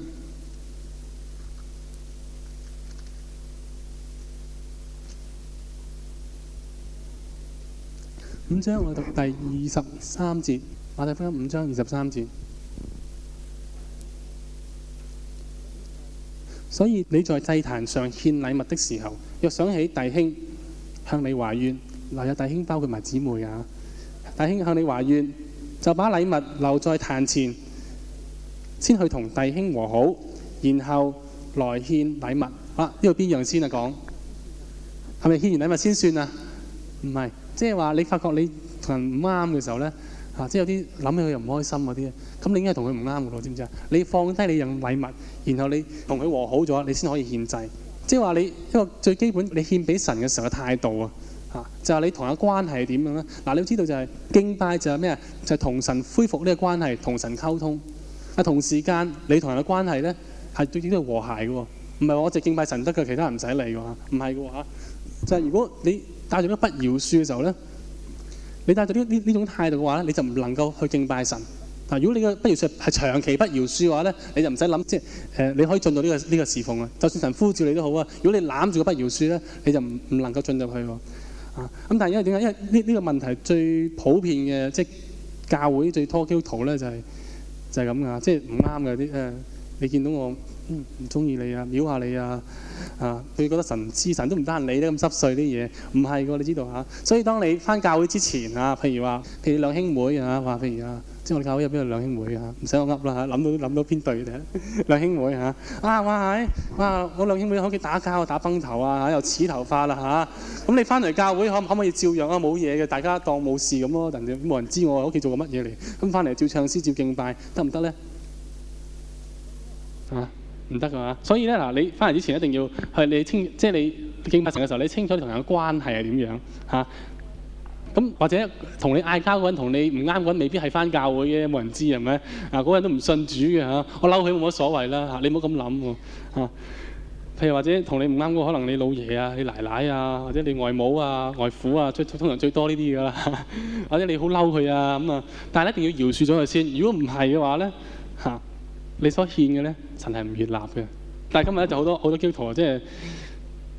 五章我讀第二十三節。馬太福音五章二十三節。所以你在祭壇上獻禮物的時候，若想起弟兄向你懷怨，若有弟兄包括埋姊妹啊，弟兄向你懷怨，就把禮物留在壇前。先去同弟兄和好，然後來獻禮物。啊，呢個邊樣先啊？講係咪獻完禮物先算啊？唔係，即係話你發覺你同人唔啱嘅時候咧，啊，即係有啲諗起佢又唔開心嗰啲咧，咁你應該係同佢唔啱嘅咯，知唔知啊？你放低你人禮物，然後你同佢和好咗，你先可以獻祭。即係話你一個最基本，你獻俾神嘅時候嘅態度啊，啊，就係你同人嘅關係係點樣咧？嗱，你要知道就係敬拜就係咩啊？就係同神恢復呢個關係，同神溝通。啊，同時間你同人嘅關係咧，係對呢個和諧嘅喎，唔係話我淨敬拜神得嘅，其他人唔使理㗎吓，唔係嘅話，就係、是、如果你帶住啲不饒恕嘅時候咧，你帶住呢呢呢種態度嘅話咧，你就唔能夠去敬拜神。嗱，如果你嘅不饒恕係長期不饒恕嘅話咧，你就唔使諗，即係誒、呃，你可以進到呢、這個呢、這個時空啊。就算神呼召你都好啊，如果你攬住個不饒恕咧，你就唔唔能夠進入去喎。啊，咁但係因為點解？因為呢呢個問題最普遍嘅，即係教會最脱鉤土咧，就係。就係咁噶，即係唔啱嘅啲誒，你見到我嗯，唔中意你啊，藐下你啊，啊，佢覺得神恥神，神都唔得閒理你咁濕碎啲嘢，唔係個你知道嚇，啊，所以當你返教會之前啊，譬如話，譬如兩兄妹啊，話譬如啊。即係我哋教會入邊有兩兄妹嘅唔使我噏啦嚇，諗到諗到邊對嘅咧？兩兄妹嚇，啊哇係，哇，哇我兩兄妹喺屋企打交打崩頭，又頭啊又黐頭髮啦嚇。咁你翻嚟教會可可唔可以照樣啊？冇嘢嘅，大家當冇事咁咯。人哋冇人知我喺屋企做過乜嘢嚟。咁翻嚟照唱詩、照敬拜，得唔得咧？嚇、啊，唔得㗎嘛。所以咧嗱，你翻嚟之前一定要係你清，即、就、係、是、你敬拜神嘅時候，你清楚你同人嘅關係係點樣嚇。啊咁或者同你嗌交嗰個人同你唔啱嗰個人未必係返教會嘅，冇人知係咪？嗱，嗰個人都唔信主嘅嚇，我嬲佢冇乜所謂啦嚇，你唔好咁諗喎嚇。譬如或者同你唔啱嗰個，可能你老爺啊、你奶奶啊，或者你外母啊、外父啊，最通常最多呢啲㗎啦。或者你好嬲佢啊咁啊，但係一定要饒恕咗佢先。如果唔係嘅話咧嚇，你所獻嘅咧，神係唔悅納嘅。但係今日咧就好多好多基督徒即係。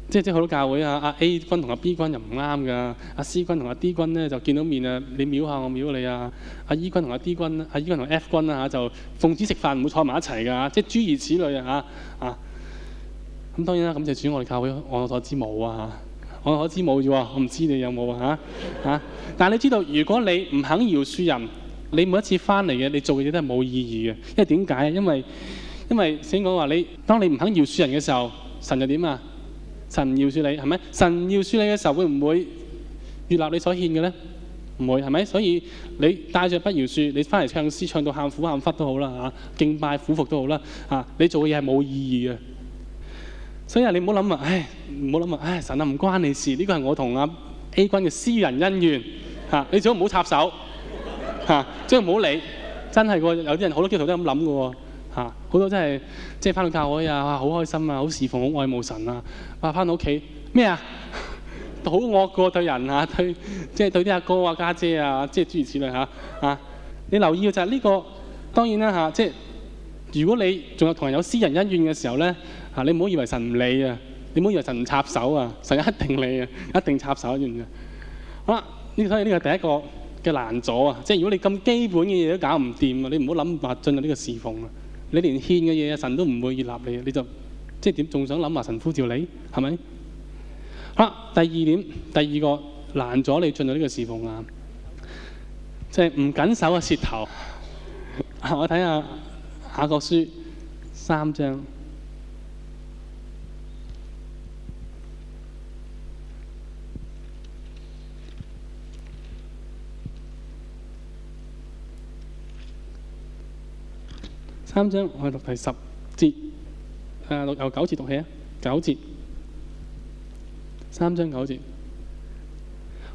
即係即係好多教會啊！阿 A 君同阿 B 君又唔啱噶，阿 C 君同阿 D 君咧就見到面啊，你瞄下我瞄你啊！阿 E 君同阿 D 君，阿 E 君同 F 君啊，嚇，就奉旨食飯唔會坐埋一齊噶，即係諸如此類啊嚇啊！咁當然啦，咁就主要我哋教會我所知冇啊嚇，我所知冇啫喎，我唔知你有冇啊嚇嚇。但係你知道，如果你唔肯饒恕人，你每一次翻嚟嘅你做嘅嘢都係冇意義嘅，因為點解啊？因為因為聖經講話你當你唔肯饒恕人嘅時候，神就點啊？神要恕你係咪？神要恕你嘅時候會唔會越納你所獻嘅呢？唔會係咪？所以你帶著不饒恕，你返嚟唱詩唱到喊苦喊忽都好啦，敬拜苦服都好啦，你做嘅嘢係冇意義嘅。所以你唔好諗啊，唉唔好諗啊，唉神啊唔關你事，呢個係我同阿 A 君嘅私人恩怨，你最好唔好插手嚇，最好唔好理，真係喎，有啲人好多基督徒都咁諗喎。嚇，好多真係即係翻到教會啊，好開心啊，好侍奉，好愛慕神啊。啊，翻到屋企咩啊？好惡過對人啊，對即係、就是、對啲阿哥啊、家姐、姐啊，即、就、係、是、諸如此類嚇啊、啊。你留意嘅就係呢、這個當然啦、啊、嚇，即、就、係、是、如果你仲有同人有私人恩怨嘅時候咧嚇、啊，你唔好以為神唔理啊，你唔好以為神唔插手啊，神一定理啊，一定插手一樣嘅。好啦，你睇下呢個第一個嘅難阻啊，即、就、係、是、如果你咁基本嘅嘢都搞唔掂啊，你唔好諗埋進入呢個侍奉啊。你連獻嘅嘢神都唔會悅納你，你就即點仲想諗話神呼召你係咪？好啦，第二點，第二個難咗你進入呢個事奉眼，即係唔緊守個舌頭。我睇下下雅各書三章。三章我係讀第十節，啊由九節讀起啊，九節，三章九節。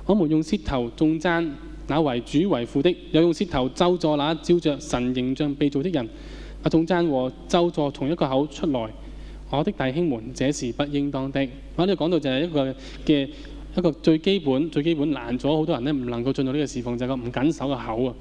我們用舌頭頌讚那為主為父的，又用舌頭咒詛那照著神形象被造的人。啊，頌讚和咒詛同一個口出來，我的弟兄們，這是不應當的。我呢度講到就係一個嘅一個最基本最基本難咗，好多人咧唔能夠進入呢個侍奉，就係個唔緊守嘅口啊。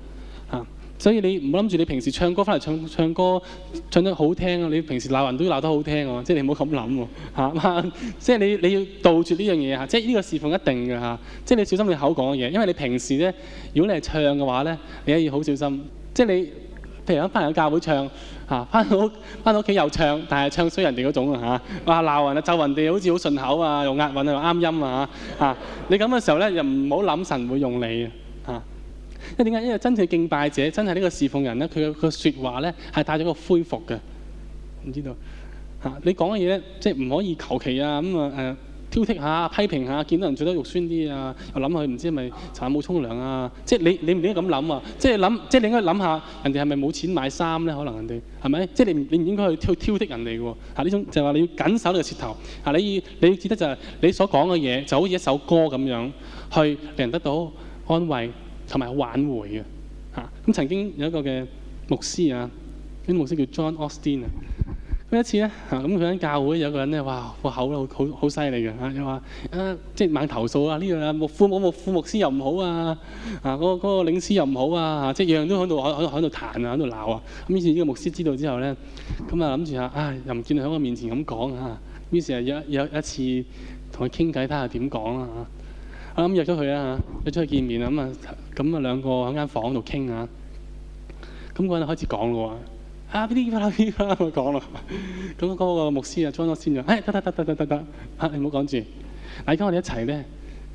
所以你唔好諗住你平時唱歌翻嚟唱唱歌唱得好聽啊！你平時鬧人都要鬧得好聽啊！即係你唔好咁諗喎，即係你你要杜絕呢樣嘢嚇，即係呢個事奉一定嘅嚇、啊，即係你小心你口講嘅嘢，因為你平時咧，如果你係唱嘅話咧，你一定要好小心。即係你譬如一翻到教會唱嚇，翻、啊、到翻到屋企又唱，但係唱衰人哋嗰種啊嚇，鬧、啊、人啊咒人哋，好似好順口是是啊，又押韻啊，又啱音啊嚇嚇，你咁嘅時候咧，又唔好諗神會用你啊嚇。因為點解？因為真正嘅敬拜者，真係呢個侍奉人咧，佢個個説話咧係帶咗個恢復嘅，唔知道嚇你講嘅嘢咧，即係唔可以求其啊咁啊誒挑剔下、批評下，見到人著得肉酸啲啊，又諗佢唔知係咪尋晚冇沖涼啊？即係你你唔應該咁諗啊！即係諗，即係你應該諗下人哋係咪冇錢買衫咧？可能人哋係咪？即係、就是、你不你唔應該去挑挑剔人哋嘅喎，呢種就話你要緊守你嘅舌頭嚇、啊、你你要記得就係你所講嘅嘢就好似一首歌咁樣去令人得到安慰。同埋挽回嘅嚇，咁、啊、曾經有一個嘅牧師啊，呢、嗰個牧師叫 John Austin 啊。咁一次咧嚇，咁佢喺教會有一個人咧話個口好好好犀利嘅嚇，又話啊即係猛投訴啊，呢樣啊牧父冇牧父牧師又唔好啊，啊嗰個嗰個領詩又唔好啊，即係樣樣都喺度喺度喺度彈啊喺度鬧啊。咁、啊啊啊、於是呢個牧師知道之後咧，咁啊諗住啊啊又唔見你喺我面前咁講啊。於是啊有有一次同佢傾偈睇下點講啊。嚇。我諗約咗佢啊，約出去見面啊，咁啊咁啊兩個喺間房度傾啊，咁嗰陣開始講咯喎，啊噼里啪啦噼里啪啦，咁講咯，咁嗰個牧師又裝咗先啊，哎得得得得得得得，啊你唔好講住，嗱而家我哋一齊咧，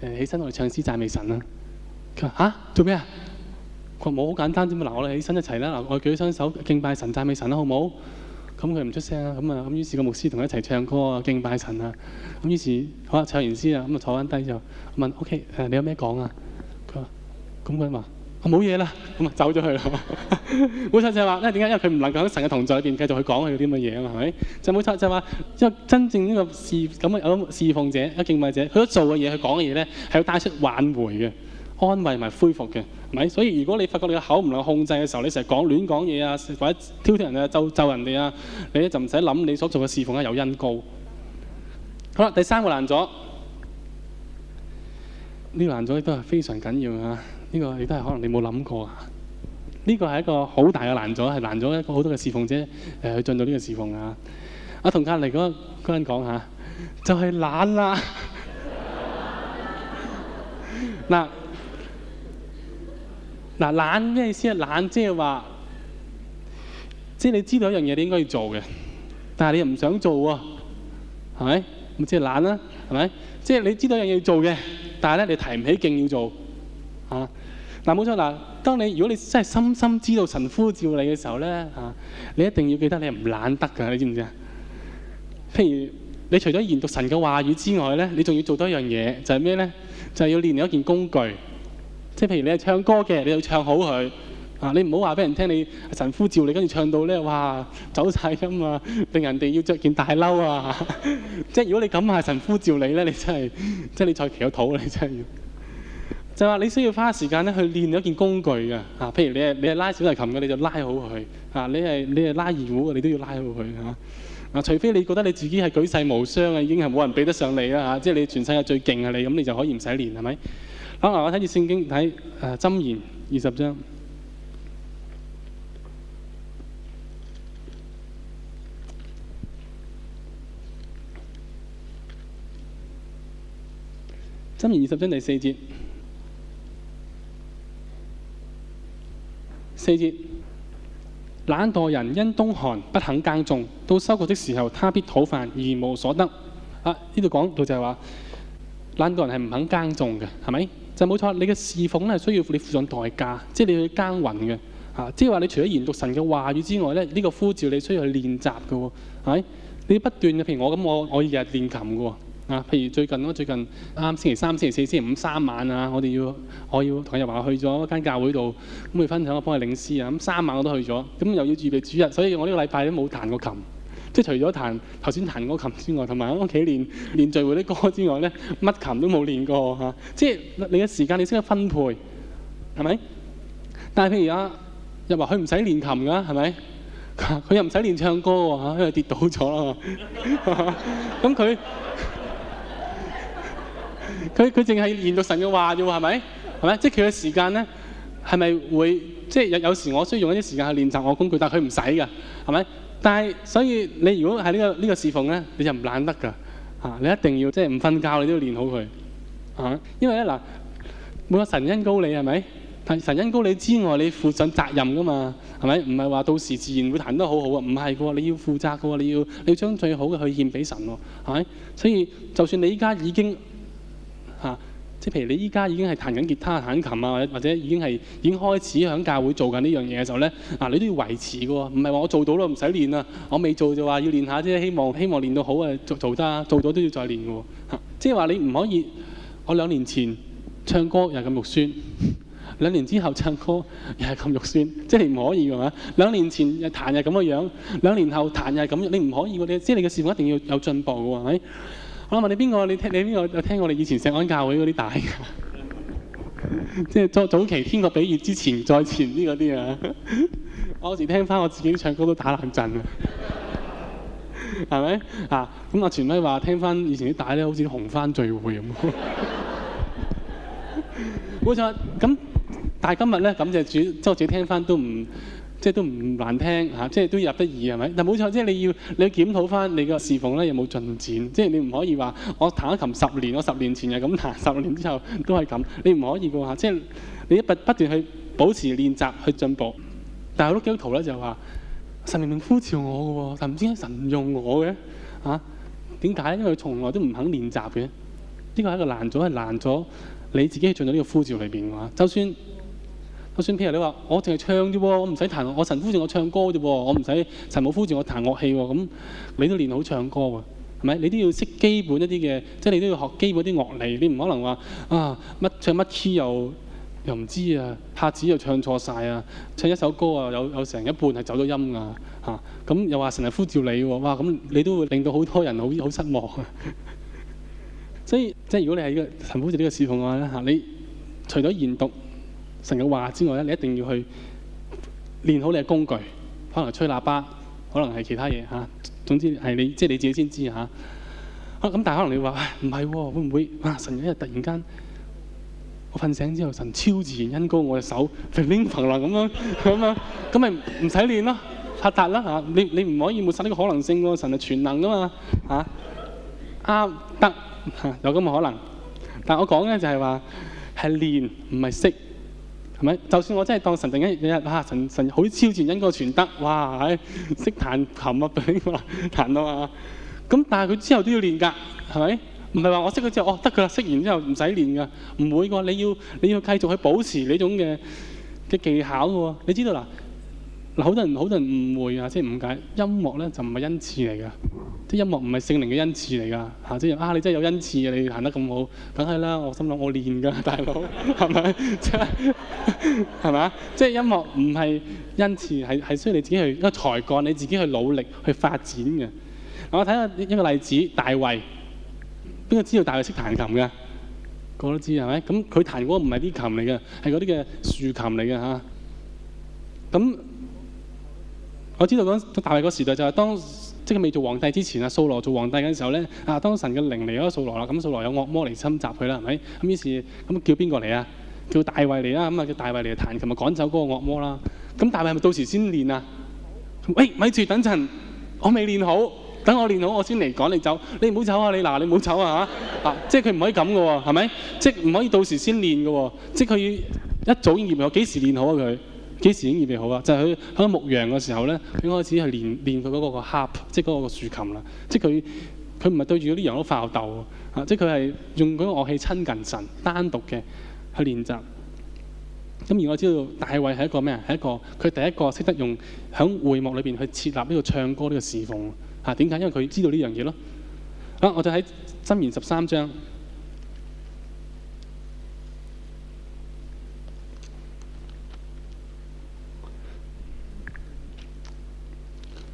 誒起身我哋唱詩讚美神啦，佢話吓？做咩啊？佢話冇好簡單啫嘛，嗱我哋起身一齊啦，嗱我舉起雙手敬拜神讚美神啦，好唔好？咁佢唔出聲啊，咁啊咁於是個牧師同佢一齊唱歌啊，敬拜神啊，咁於是好啊唱完詩啊，咁啊坐翻低之後問：O K 誒你有咩講啊？佢話：咁佢話我冇嘢啦，咁啊走咗去啦。冇錯就係話，因為點解？因為佢唔能夠喺神嘅同在裏邊繼續去講佢啲乜嘢啊嘛，係咪？就冇錯就係話，因為真正呢個侍咁嘅有侍奉者、有敬拜者，佢都做嘅嘢、佢講嘅嘢咧，係要帶出挽回嘅。安慰同埋恢復嘅，係咪？所以如果你發覺你嘅口唔能夠控制嘅時候，你成日講亂講嘢啊，或者挑剔人啊、咒咒人哋啊，你就唔使諗你所做嘅侍奉啊有恩膏。好啦，第三個攔阻，呢個攔阻亦都係非常緊要啊，呢個亦都係可能你冇諗過啊。呢個係一個好大嘅攔阻，係攔阻一個好多嘅侍奉者誒去進到呢個侍奉啊。我同隔籬嗰嗰個人講吓，就係懶啦嗱。嗱，懶咩意思啊？懶即係話，即係你知道一樣嘢你應該要做嘅，但係你又唔想做啊，係咪？咁即係懶啦，係咪？即係你知道一樣嘢要做嘅，但係咧你提唔起勁要做，啊！嗱冇錯，嗱，當你如果你真係深深知道神呼召你嘅時候咧，啊，你一定要記得你係唔懶得㗎，你知唔知啊？譬如，你除咗研讀神嘅話語之外咧，你仲要做多一樣嘢，就係咩咧？就係要練一件工具。即係譬如你係唱歌嘅，你就要唱好佢啊！你唔好話俾人聽你神呼召你，跟住唱到咧哇走晒音啊，定人哋要着件大褸啊！即係如果你咁啊神呼召你咧，你真係即係你再皮有肚你真係要就話、是、你需要花時間咧去練一件工具嘅啊！譬如你係你係拉小提琴嘅，你就拉好佢啊！你係你係拉二胡嘅，你都要拉好佢啊！啊，除非你覺得你自己係舉世無雙啊，已經係冇人比得上你啦嚇！即係你全世界最勁啊你，咁你就可以唔使練係咪？啊！我睇住《聖經》，睇誒《箴言》二十章，《箴言》二十章第四節，四節，懶惰人因冬寒不肯耕種，到收割的時候，他必討飯而無所得。啊！呢度講到就係話，懶惰人係唔肯耕種嘅，係咪？就冇錯，你嘅侍奉咧係需要你付上代價，即係你去耕耘嘅嚇。即係話你除咗研讀神嘅話語之外咧，呢、這個呼召你需要去練習嘅喎。你不斷嘅，譬如我咁，我我日日練琴嘅喎。啊，譬如最近我最近啱、啊、星期三、星期四、星期五三晚啊，我哋要我要同佢又話去咗一間教會度咁佢分享，我幫佢領詩啊。咁三晚我都去咗，咁又要預備主日，所以我呢個禮拜都冇彈過琴。即係除咗彈頭先彈嗰琴之外，同埋喺屋企練練聚會啲歌之外咧，乜琴都冇練過嚇、啊。即係你嘅時間你識得分配，係咪？但係譬如啊，又話佢唔使練琴㗎，係咪？佢又唔使練唱歌喎嚇，佢、啊、又跌倒咗啦。咁佢佢佢淨係練到神嘅話啫喎，係咪？係咪？即係佢嘅時間咧，係咪會即係有有時我需要用一啲時間去練習我的工具，但係佢唔使㗎，係咪？但係，所以你如果喺、這個這個、呢個呢個侍奉咧，你就唔懶得㗎嚇、啊，你一定要即係唔瞓覺，你都要練好佢嚇、啊。因為咧嗱、啊，每個神恩高你係咪？但神恩高你之外，你負上責任㗎嘛係咪？唔係話到時自然會彈得好好啊？唔係㗎喎，你要負責㗎喎，你要你要將最好嘅去獻俾神喎係咪、啊？所以就算你依家已經嚇。啊。即係譬如你依家已經係彈緊吉他、彈琴啊，或者已經係已經開始喺教會做緊呢樣嘢嘅時候咧，嗱你都要維持嘅喎，唔係話我做到咯，唔使練啊，我未做就話要練下啫，希望希望練到好啊，做做得啊，做到都要再練嘅喎，即係話你唔可以，我兩年前唱歌又係咁肉酸，兩年之後唱歌又係咁肉酸，即係你唔可以㗎嘛，兩年前又彈又係咁嘅樣，兩年後彈又係咁，你唔可以㗎，你知、即係、你嘅事奉一定要有進步嘅喎，係咪？我問你邊個？你，你聽你邊個？我我哋以前聖安教會嗰啲帶， 即係早早期天國比喻之前再前啲嗰啲啊！ 我有時聽翻我自己唱歌都打冷震 啊，係咪啊？咁阿全威話聽翻以前啲帶咧，好似紅番聚會咁。冇 錯， 咁但係今日咧感謝主，即係我自己聽翻都唔～即係都唔難聽嚇，即係都入得耳係咪？但冇錯，即係你要你檢討返你個侍奉咧有冇進展？即係 你唔可以話我彈琴十年，我十年前係咁彈，十年之後都係咁，你唔可以㗎喎嚇！即係你一不不斷去保持練習去進步。但係好多基督徒咧就話 神明明呼召我嘅喎，神點解神用我嘅？嚇點解？因為佢從來都唔肯練習嘅。呢個係一個攔阻，係攔阻你自己進到呢個呼召裏邊嘅話，就算。就算譬如你話我淨係唱啫喎，我唔使彈我神呼召我唱歌啫喎，我唔使神冇呼召我彈樂器喎，咁你都練好唱歌喎，係咪？你都要識基本一啲嘅，即係你都要學基本啲樂理，你唔可能話啊乜唱乜 key 又又唔知啊，拍子又唱錯晒啊，唱一首歌啊有有成一半係走咗音㗎嚇，咁又話神係呼召你喎，哇咁你都會令到好多人好好失望啊， 所以即係如果你係呢個神呼召呢個事奉嘅話咧嚇，你除咗研讀，神嘅話之外咧，你一定要去練好你嘅工具，可能吹喇叭，可能係其他嘢嚇。總之係你，即係你自己先知嚇。啊咁，但係可能你話唔係喎，會唔會啊？神一日突然間，我瞓醒之後，神超自然恩膏我隻手，floating floating 咁樣咁樣，咁咪唔使練咯，發達啦嚇。你你唔可以抹殺呢個可能性喎，神係全能噶嘛嚇。啱得嚇，有咁嘅可能。但我講咧就係話係練唔係識。咪就算我真係當神定一日嚇，神神好超前因個全德，哇係識彈琴啊，俾我彈啊，咁但係佢之後都要練㗎，係咪？唔係話我識咗之後，哦得㗎啦，識完之後唔使練㗎，唔會㗎。你要你要繼續去保持呢種嘅嘅技巧個喎，你知道啦。好多人好多人誤會啊，即係誤解音樂咧就唔係恩賜嚟噶，啲音樂唔係聖靈嘅恩賜嚟噶嚇，即係啊你真係有恩賜啊，你彈得咁好，梗係啦，我心諗我練㗎，大佬係咪？係咪啊？即係音樂唔係恩賜，係係需要你自己去，一個才幹，你自己去努力去發展嘅。我睇下一個例子，大衛邊個知道大衛識彈琴㗎？個個都知係咪？咁佢彈嗰個唔係啲琴嚟嘅，係嗰啲嘅豎琴嚟嘅嚇。咁、啊我知道大衛個時代就係當即係未做皇帝之前啊，掃羅做皇帝嘅時候呢，啊，當神嘅靈嚟咗掃羅啦，咁掃羅有惡魔嚟侵襲佢啦，係咪？咁於是咁、嗯、叫邊個嚟啊？叫大衛嚟咁啊，叫大衛嚟、嗯、彈琴，咪趕走嗰個惡魔啦。咁大衛係咪到時先練啊？喂，咪住等陣，我未練好，等我練好我先嚟趕你走。你唔好走啊！你嗱你唔好走啊！走啊， 啊，即係佢唔可以咁嘅喎，係咪？即係唔可以到時先練嘅喎，即係佢一早已練，有幾時練好啊佢？幾時已經預備好啊？就係佢喺牧羊嘅時候咧，佢開始係練練佢嗰個個哈，即係嗰個個豎琴啦。即係佢佢唔係對住嗰啲羊都發吽哣喎，啊！即係佢係用嗰個樂器親近神，單獨嘅去練習。咁而我知道大衛係一個咩啊？係一個佢第一個識得用喺會幕裏邊去設立呢個唱歌呢個侍奉啊？點解？因為佢知道呢樣嘢咯。啊！我就喺箴言十三章。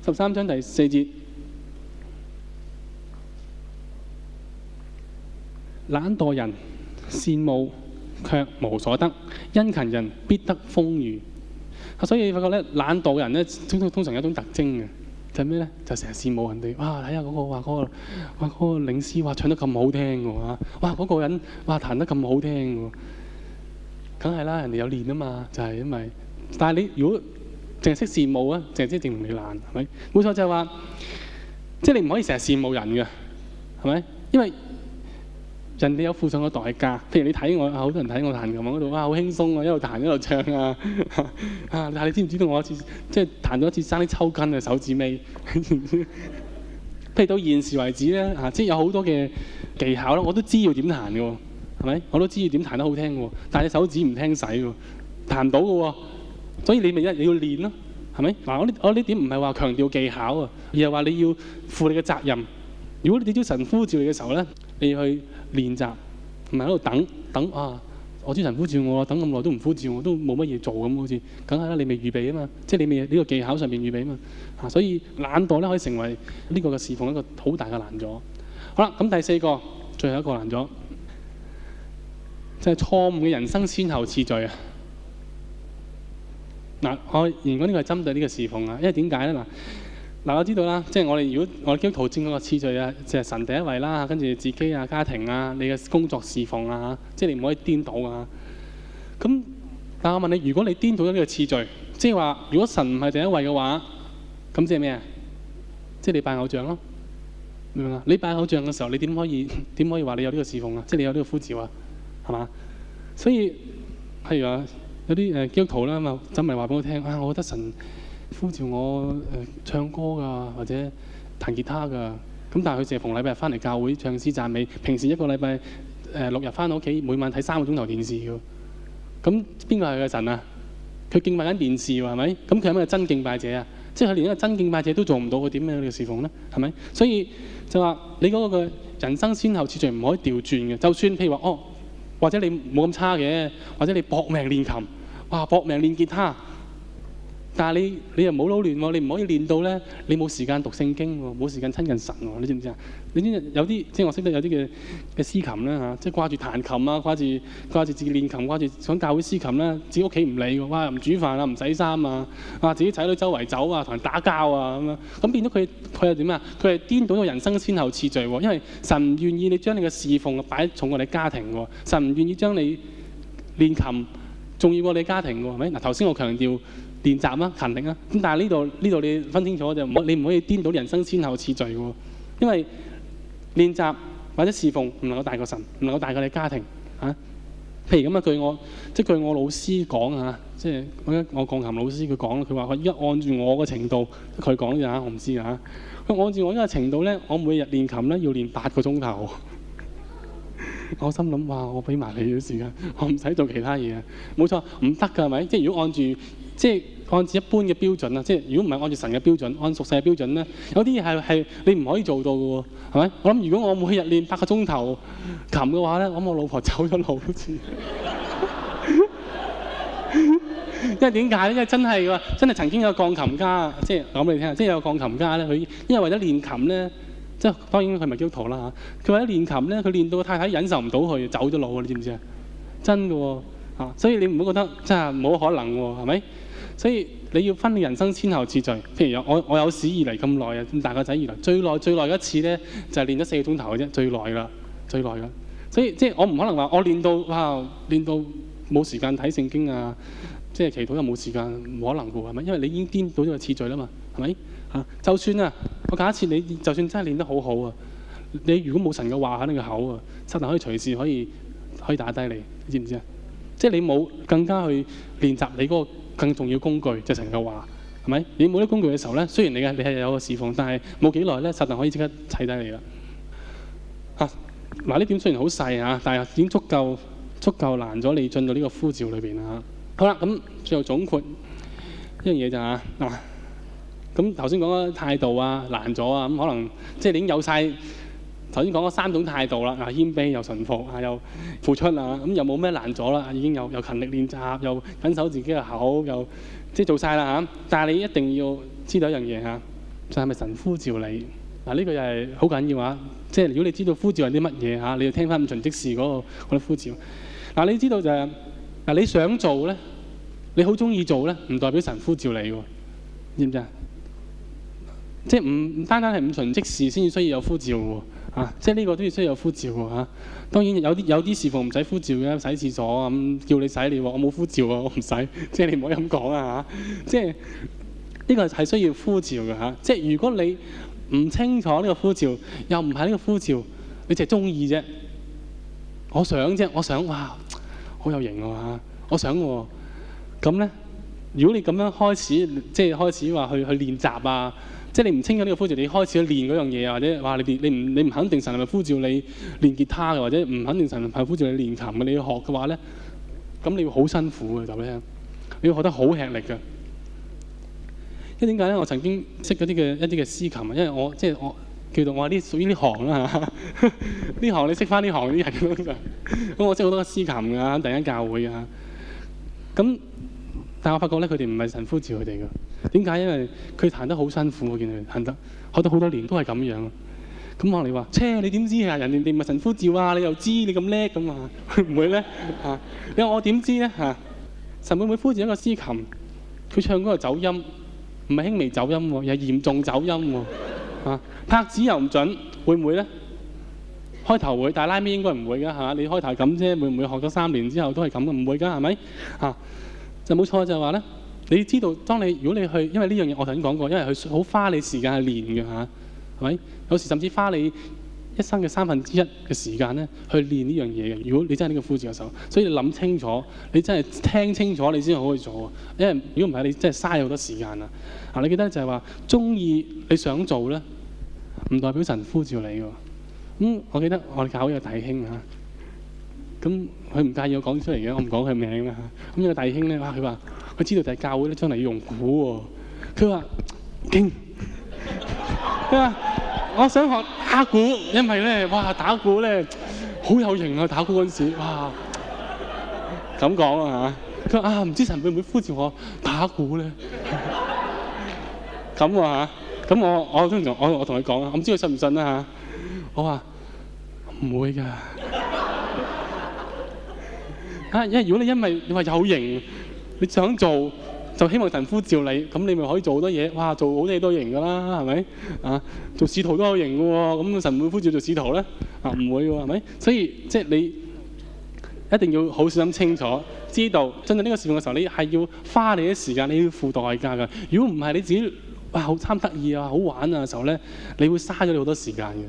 十三章第四節，懶惰人羨慕卻無所得，殷勤人必得豐裕。所以你發覺咧，懶惰人咧，通常通常有一種特徵嘅，就係咩咧？就成日羨慕人哋。哇！睇下嗰個哇嗰個哇嗰個領詩哇唱得咁好聽喎！哇！嗰個人哇彈得咁好聽喎！梗係啦，人哋有練啊嘛。就係因為，但係你如果……淨係識羨慕啊！淨係證明你難係咪？冇錯就係話，即係你唔可以成日羨慕人㗎，係咪？因為人哋有付上個代價。譬如你睇我好多人睇我彈琴喎，嗰度啊，好輕鬆啊，一路彈一路唱啊！啊，但係你知唔知道我一次即係彈咗一次爭啲抽筋嘅手指尾。 譬如到現時為止咧，啊，即係有好多嘅技巧啦，我都知要點彈嘅喎，係咪？我都知要點彈得好聽㗎喎，但係手指唔聽使喎，彈唔到㗎喎、啊。所以你咪一你要練咯，係咪？嗱，我呢我呢點唔係話強調技巧啊，而係話你要負你嘅責任。如果你啲招神呼召你嘅時候咧，你要去練習，唔係喺度等等啊！我招神呼召我等咁耐都唔呼召我，都冇乜嘢做咁好似，梗係啦！你未預備啊嘛，即係你未呢個技巧上面預備啊嘛嚇。所以懶惰咧可以成為呢個嘅侍奉一個好大嘅難阻。好啦，咁第四個最後一個難阻，就係錯誤嘅人生先後次序啊！嗱、啊，我如果呢個係針對呢個侍奉啊，因為點解咧？嗱、啊，嗱我知道啦，即係我哋如果我哋基督徒尊嗰個次序啊，即係神第一位啦，跟住自己啊、家庭啊、你嘅工作侍奉啊，即係你唔可以顛倒啊。咁，但係我問你，如果你顛倒咗呢個次序，即係話如果神唔係第一位嘅話，咁即係咩啊？即係你拜偶像咯，明嘛？你拜偶像嘅時候，你點可以點可以話你有呢個侍奉啊？即係你有呢個呼召啊？係嘛？所以譬如啊。有啲誒基督徒啦嘛，就問話俾我聽啊，我覺得神呼召我誒、呃、唱歌㗎，或者彈吉他㗎。咁但係佢成日逢禮拜日翻嚟教會唱詩讚美，平時一個禮拜誒六日翻到屋企，每晚睇三個鐘頭電視嘅。咁邊個係個神啊？佢敬拜緊電視喎，係咪？咁佢係咪真敬拜者啊？即係佢連一個真敬拜者都做唔到，佢點樣去侍奉咧？係咪？所以就話你嗰個人生先後次序唔可以調轉嘅。就算譬如話哦，或者你冇咁差嘅，或者你搏命練琴。哇！搏命練吉他，但係你你又冇撈亂喎，你唔可以練到咧，你冇時間讀聖經喎，冇時間親近神喎，你知唔知啊？你知，知有啲即係我識得有啲嘅嘅司琴咧嚇、啊，即係掛住彈琴啊，掛住掛住自己練琴，掛住想教會司琴咧，自己屋企唔理喎，哇！唔煮飯啊，唔洗衫啊，啊！自己仔女周圍走啊，同人打交啊咁樣，咁變咗佢佢又點啊？佢係顛倒咗人生先後次序喎、啊，因為神唔願意你將你嘅侍奉擺重過你家庭喎、啊，神唔願意將你練琴。重要過你家庭喎，係咪？嗱，頭先我強調練習啊、勤力啊，咁但係呢度呢度你分清楚就唔可，你唔可以顛倒人生先後次序喎。因為練習或者侍奉唔能夠大過神，唔能夠大過你家庭啊。譬如咁啊，據我即係據我老師講啊，即係我鋼琴老師佢講佢話佢依家按住我嘅程度，佢講呢樣，我唔知啊。佢按住我依家程度咧，我每日練琴咧要練八個鐘頭。我心諗話，我俾埋你啲時間，我唔使做其他嘢啊！冇錯，唔得㗎，係咪？即係如果按住，即係按照一般嘅標準啦，即係如果唔係按住神嘅標準，按屬性嘅標準咧，有啲嘢係係你唔可以做到嘅喎，係咪？我諗如果我每日練八個鐘頭琴嘅話咧，我諗我老婆走咗路好似， 因為點解咧？因為真係㗎，真係曾經有個鋼琴家，即係講俾你聽啊！即係有個鋼琴家咧，佢因為為咗練琴咧。即係當然佢咪係基督徒啦嚇，佢話喺練琴咧，佢練到太太忍受唔到佢，走咗路喎，你知唔知啊？真嘅喎，啊，所以你唔會覺得即係冇可能喎，係咪？所以你要分你人生前後次序，譬如有我我有史以嚟咁耐啊，咁大個仔以嚟，最耐最耐一次咧就係練咗四個鐘頭嘅啫，最耐啦，最耐啦。所以即係我唔可能話我練到哇練到冇時間睇聖經啊，即係祈禱又冇時間，唔可能㗎喎，係咪？因為你已經顛倒咗個次序啦嘛，係咪？啊、就算啊，我假設你就算真係練得好好啊，你如果冇神嘅話，喺你個口啊，撒旦可以隨時可以可以打低你，你知唔知啊？即係你冇更加去練習你嗰個更重要工具，就係、是、神嘅話，係咪？你冇啲工具嘅時候咧，雖然你嘅你係有個侍奉，但係冇幾耐咧，撒旦可以即刻砌低你啦。嚇、啊！嗱呢點雖然好細啊，但係已經足夠足夠難咗你進到呢個呼召裏邊啊！好啦，咁最後總括一樣嘢就嚇、是、啊～咁頭先講咗態度啊，難度啊，咁可能即係你已經有晒，頭先講嗰三種態度啦。嗱，謙卑又順服啊，又付出啊，咁又冇咩難度啦，已經有又勤力練習，又緊守自己嘅口，又即係做晒啦嚇。但係你一定要知道一樣嘢嚇，就係咪神呼召你嗱？呢個又係好緊要啊！即係如果你知道呼召係啲乜嘢嚇，你要聽翻五重職事嗰個嗰啲呼召嗱。你知道就係嗱，你想做咧，你好中意做咧，唔代表神呼召你喎，知唔知啊？即係唔單單係五純即時先至需要有呼召喎、啊、即係呢個都要需要有呼召喎嚇、啊。當然有啲有啲事奉唔使呼召嘅，洗廁所啊，咁叫你洗你，我冇呼召啊，我唔洗，即係你唔好咁講啊嚇。即係呢個係需要呼召嘅嚇、啊。即係如果你唔清楚呢個呼召，又唔係呢個呼召，你就係中意啫。我想啫，我想哇，好有型啊，我想喎。咁咧，如果你咁樣開始，即係開始話去去練習啊。即係你唔清楚呢個呼召，你開始去練嗰樣嘢啊，或者話你你唔你唔肯定神係咪呼召你練吉他嘅，或者唔肯定神係咪呼召你練琴嘅，你要學嘅話咧，咁你要好辛苦嘅就畀聽，你要學得好吃力嘅。因為點解咧？我曾經識嗰啲嘅一啲嘅詩琴啊，因為我，因為我即係我叫做我話屬於呢行啦嚇，呢 行你識翻呢行啲人嘅嘛，咁 我識好多詩琴㗎，第一教會啊，咁。但我發覺咧，佢哋唔係神呼召佢哋噶。點解？因為佢彈得好辛苦，我見佢彈得學咗好多年都係咁樣的。咁、嗯、我哋話，車，你點知啊？人哋唔係神呼召啊！你又知你咁叻咁啊？會唔會咧？嚇、啊！你話我點知咧？嚇、啊！神會唔會呼召一個詩琴？佢唱歌又走音，唔係輕微走音喎，又係嚴重走音喎、啊啊。拍子又唔準，會唔會咧？開頭會，但係拉咪應該唔會㗎，係、啊、你開頭係咁啫，會唔會學咗三年之後都係咁㗎？唔會㗎，係咪？嚇、啊！冇錯就係話咧，你知道當你如果你去，因為呢樣嘢我頭先講過，因為佢好花你時間去練嘅嚇，係咪？有時甚至花你一生嘅三分之一嘅時間咧，去練呢樣嘢嘅。如果你真係呢個呼召嘅時候，所以你諗清楚，你真係聽清楚你先可以做。因為如果唔係，你真係嘥好多時間啊！啊，你記得就係話，中意你想做咧，唔代表神呼召你嘅。咁我記得我哋搞呢個弟兄嚇。啊。咁佢唔介意我講出嚟嘅，我唔講佢名啦嚇。咁呢個弟兄咧，哇！佢話佢知道就係教會咧將嚟要用鼓喎。佢話：兄，佢話我想學打鼓，因為咧，哇！打鼓咧好有型啊！打鼓嗰陣時，哇！咁講啊嚇。佢話啊，唔知神會唔會呼召我打鼓咧？咁啊嚇。咁我我先同我我同佢講啊，我唔知佢信唔信啦嚇。我話唔會㗎。因為、啊、如果你因為你話有型，你想做就希望神呼召你，咁你咪可以做好多嘢？哇，做好多嘢都型噶啦，係咪？啊，做使徒都好型嘅喎，咁、嗯、神會呼召做使徒咧？啊，唔會喎，係咪？所以即係你一定要好小心清楚，知道真正呢個事奉嘅時候，你係要花你啲時間，你要付代價嘅。如果唔係你自己哇好貪得意啊、好玩啊嘅時候咧，你會嘥咗你好多時間嘅。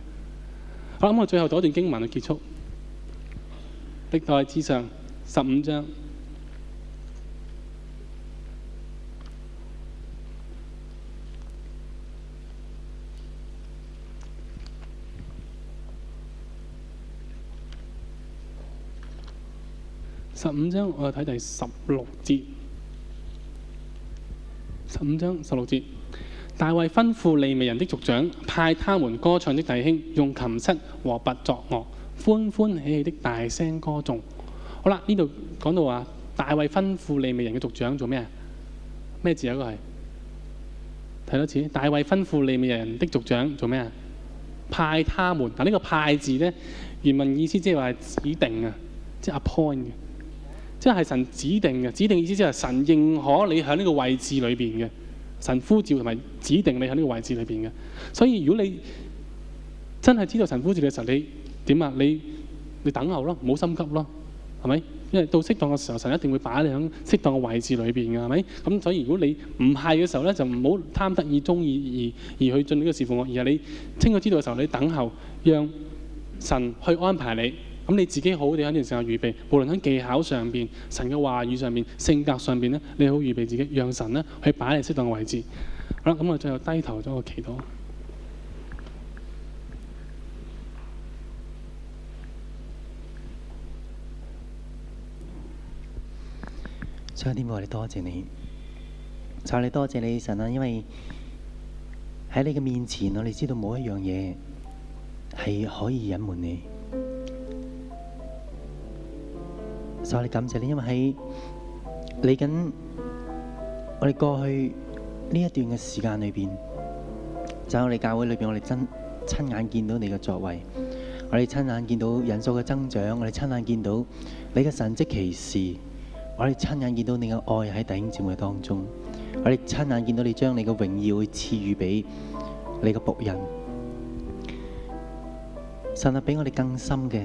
好，咁我最後攞一段經文嚟結束。歷代志上。十五章，十五章我要睇第十六節。十五章十六節，大衛吩咐利未人的族長派他們歌唱的弟兄用琴、瑟和拔作樂，歡歡喜喜的大聲歌頌。好啦，呢度講到話，大衛吩咐利未人嘅族長做咩？咩字啊？嗰係睇多次。大衛吩咐利未人的族長做咩啊？派他們嗱，呢個派字咧原文意思即係話指定啊，即係 appoint 嘅，即係神指定嘅。指定意思即係神認可你喺呢個位置裏邊嘅神呼召同埋指定你喺呢個位置裏邊嘅。所以如果你真係知道神呼召嘅時候，你點啊？你你等候咯，唔好心急咯。係咪？因為到適當嘅時候，神一定會擺你喺適當嘅位置裏邊嘅，係咪？咁所以如果你唔係嘅時候咧，就唔好貪得意、中意而而去進呢個事奉。我而係你清楚知道嘅時候，你等候，讓神去安排你。咁你自己好地喺呢段時間預備，無論喺技巧上邊、神嘅話語上邊、性格上邊咧，你好預備自己，讓神咧去擺你適當嘅位置。好啦，咁我最後低頭咗個祈禱。在天我哋多謝，謝你，所以我哋多謝你神啊！因為喺你嘅面前，我哋知道冇一樣嘢係可以隱瞞你。所以我哋感謝你，因為喺嚟緊，我哋過去呢一段嘅時間裏邊，就喺我哋教會裏邊，我哋真親眼見到你嘅作為，我哋親眼見到人數嘅增長，我哋親眼見到你嘅神蹟奇事。我哋親眼見到你嘅愛喺弟兄姊妹當中，我哋親眼見到你將你嘅榮耀去賜予俾你嘅僕人。神啊，俾我哋更深嘅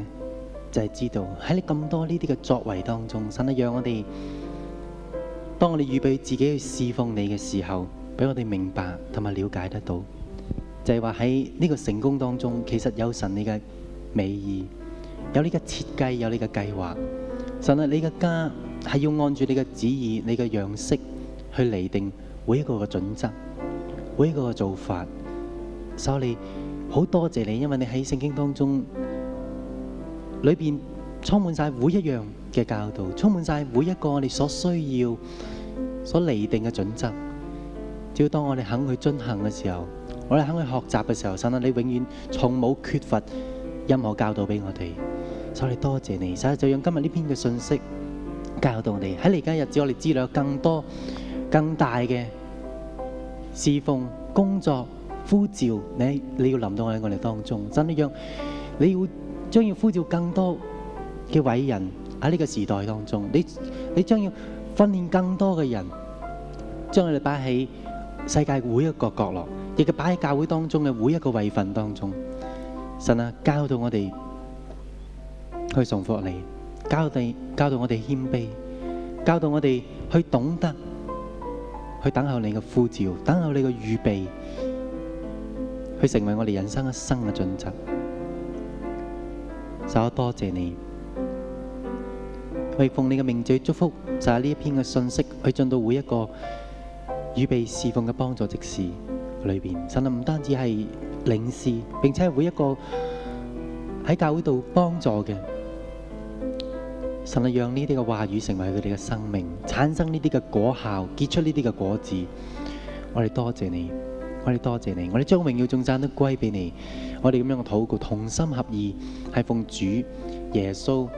就係知道喺你咁多呢啲嘅作為當中，神啊，讓我哋當我哋預備自己去侍奉你嘅時候，俾我哋明白同埋瞭解得到，就係話喺呢個成功當中，其實有神你嘅美意，有你嘅設計，有你嘅計劃。神啊，你嘅家，係要按住你嘅旨意，你嘅樣式去釐定每一個嘅準則，每一個嘅做法。所以我哋你好多謝你，因為你喺聖經當中裏邊充滿晒每一樣嘅教導，充滿晒每一個我哋所需要所釐定嘅準則。只要當我哋肯去遵行嘅時候，我哋肯去學習嘅時候，神啊，你永遠從冇缺乏任何教導俾我哋。所以我哋你多謝你，所以就用今日呢篇嘅信息。教導我哋喺你而家日子，我哋知道有更多、更大嘅侍奉、工作呼召，你你要臨到喺我哋當中，真係要你要將要呼召更多嘅偉人喺呢個時代當中，你你將要訓練更多嘅人，將佢哋擺喺世界每一個角落，亦嘅擺喺教會當中嘅每一個位份當中。神啊，教導我哋去頌福你。教到教導我哋謙卑，教導我哋去懂得，去等候你嘅呼召，等候你嘅預備，去成為我哋人生一生嘅準則。神啊，多謝你，為奉你嘅名字祝福，就係呢一篇嘅信息，去進到每一個預備侍奉嘅幫助職事裏邊。神啊，唔單止係領事，並且係每一個喺教會度幫助嘅。神啊，讓呢啲嘅話語成為佢哋嘅生命，產生呢啲嘅果效，結出呢啲嘅果子。我哋多謝你，我哋多謝你，我哋將榮耀頌讚得歸俾你。我哋咁樣嘅禱告，同心合意，係奉主耶穌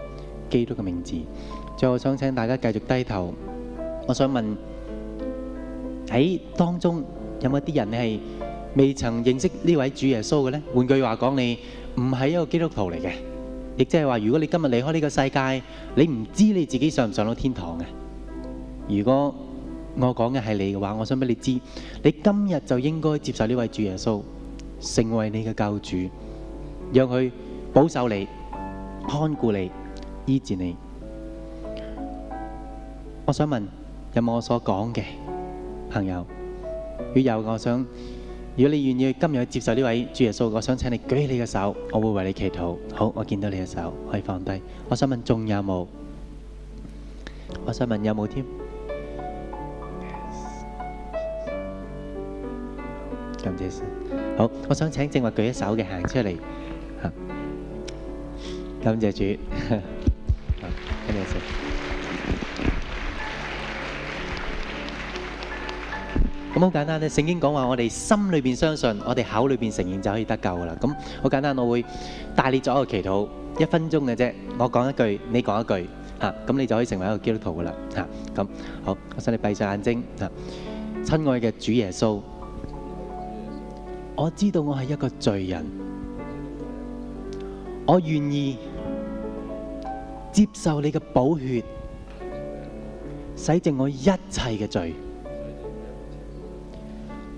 基督嘅名字。最後我想請大家繼續低頭。我想問喺當中有冇啲人你係未曾認識呢位主耶穌嘅咧？換句話講，你唔係一個基督徒嚟嘅。亦即係話，如果你今日離開呢個世界，你唔知你自己上唔上到天堂嘅。如果我講嘅係你嘅話，我想俾你知，你今日就應該接受呢位主耶穌，成為你嘅救主，讓佢保守你、看顧你、醫治你。我想問，有冇我所講嘅朋友？如果有，我想。如果你願意今日去接受呢位主耶穌，我想請你舉起你嘅手，我會為你祈禱。好，我見到你嘅手，可以放低。我想問仲有冇？我想問有冇添？感謝神。好，我想請正話舉一手嘅行出嚟。哈，感謝主。咁好簡單咧，聖經講話我哋心裏邊相信，我哋口裏邊承認就可以得救噶啦。咁好簡單，我會帶你做一個祈禱，一分鐘嘅啫。我講一句，你講一句，吓咁你就可以成為一個基督徒噶啦。吓，咁好，我想你閉上眼睛。吓，親愛嘅主耶穌，我知道我係一個罪人，我願意接受你嘅寶血，洗淨我一切嘅罪。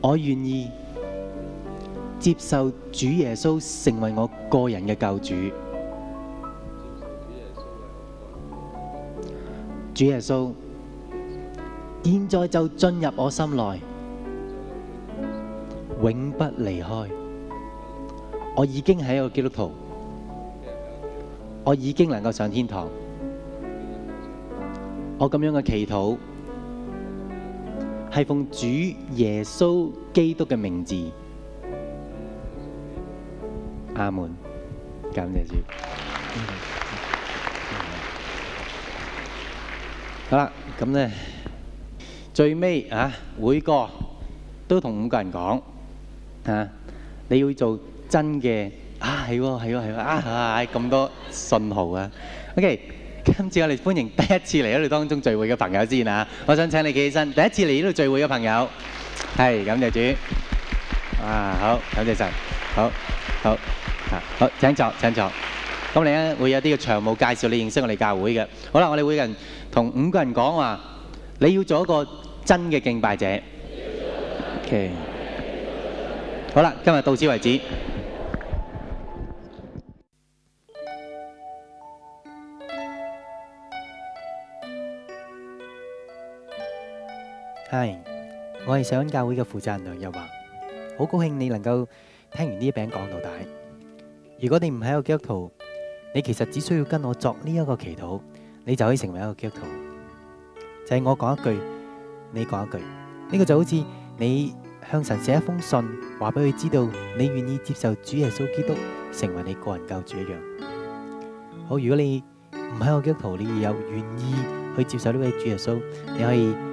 我願意接受主耶穌成為我個人嘅救主。主耶穌，現在就進入我心內，永不離開。我已經係一個基督徒，我已經能夠上天堂。我咁樣嘅祈禱。係奉主耶穌基督嘅名字，阿門。感謝主。好啦，咁咧最尾啊，每個都同五個人講啊，你要做真嘅啊，係喎，係喎，係喎，啊，咁多信號啊，OK。今次我哋歡迎第一次嚟呢度當中聚會嘅朋友先、啊。然我想請你企起身。第一次嚟呢度聚會嘅朋友，係咁 謝主。啊好，感謝神。好，好好，請坐請坐。咁你哋呢會有啲嘅長務介紹你認識我哋教會嘅。好啦，我哋會人同五個人講話，你要做一個真嘅敬拜者。Okay. 好啦，今日到此為止。Hi，我係聖恩教會嘅負責人梁日華，好高興你能夠聽完呢一篇講道。如果你唔係一個基督徒，你其實只需要跟我作呢一個祈禱，你就可以成為一個基督徒。就係我講一句，你講一句，呢個就好似你向神寫一封信，話俾佢知道你願意接受主耶穌基督成為你個人救主一樣。好，如果你唔係一個基督徒，你又願意去接受呢位主耶穌，你可以。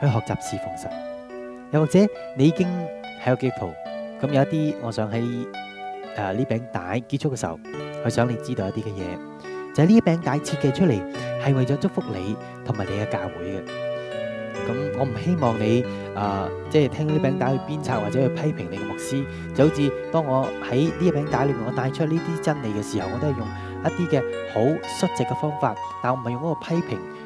去學習侍奉神，又或者你已經係個基督徒，咁有一啲，我想喺誒呢餅帶結束嘅時候，去想你知道一啲嘅嘢，就係呢一餅帶設計出嚟係為咗祝福你同埋你嘅教會嘅。咁我唔希望你誒即係聽呢餅帶去鞭策或者去批評你嘅牧師，就好似當我喺呢一餅帶裏面，我帶出呢啲真理嘅時候，我都係用一啲嘅好率直嘅方法，但我唔係用嗰個批評。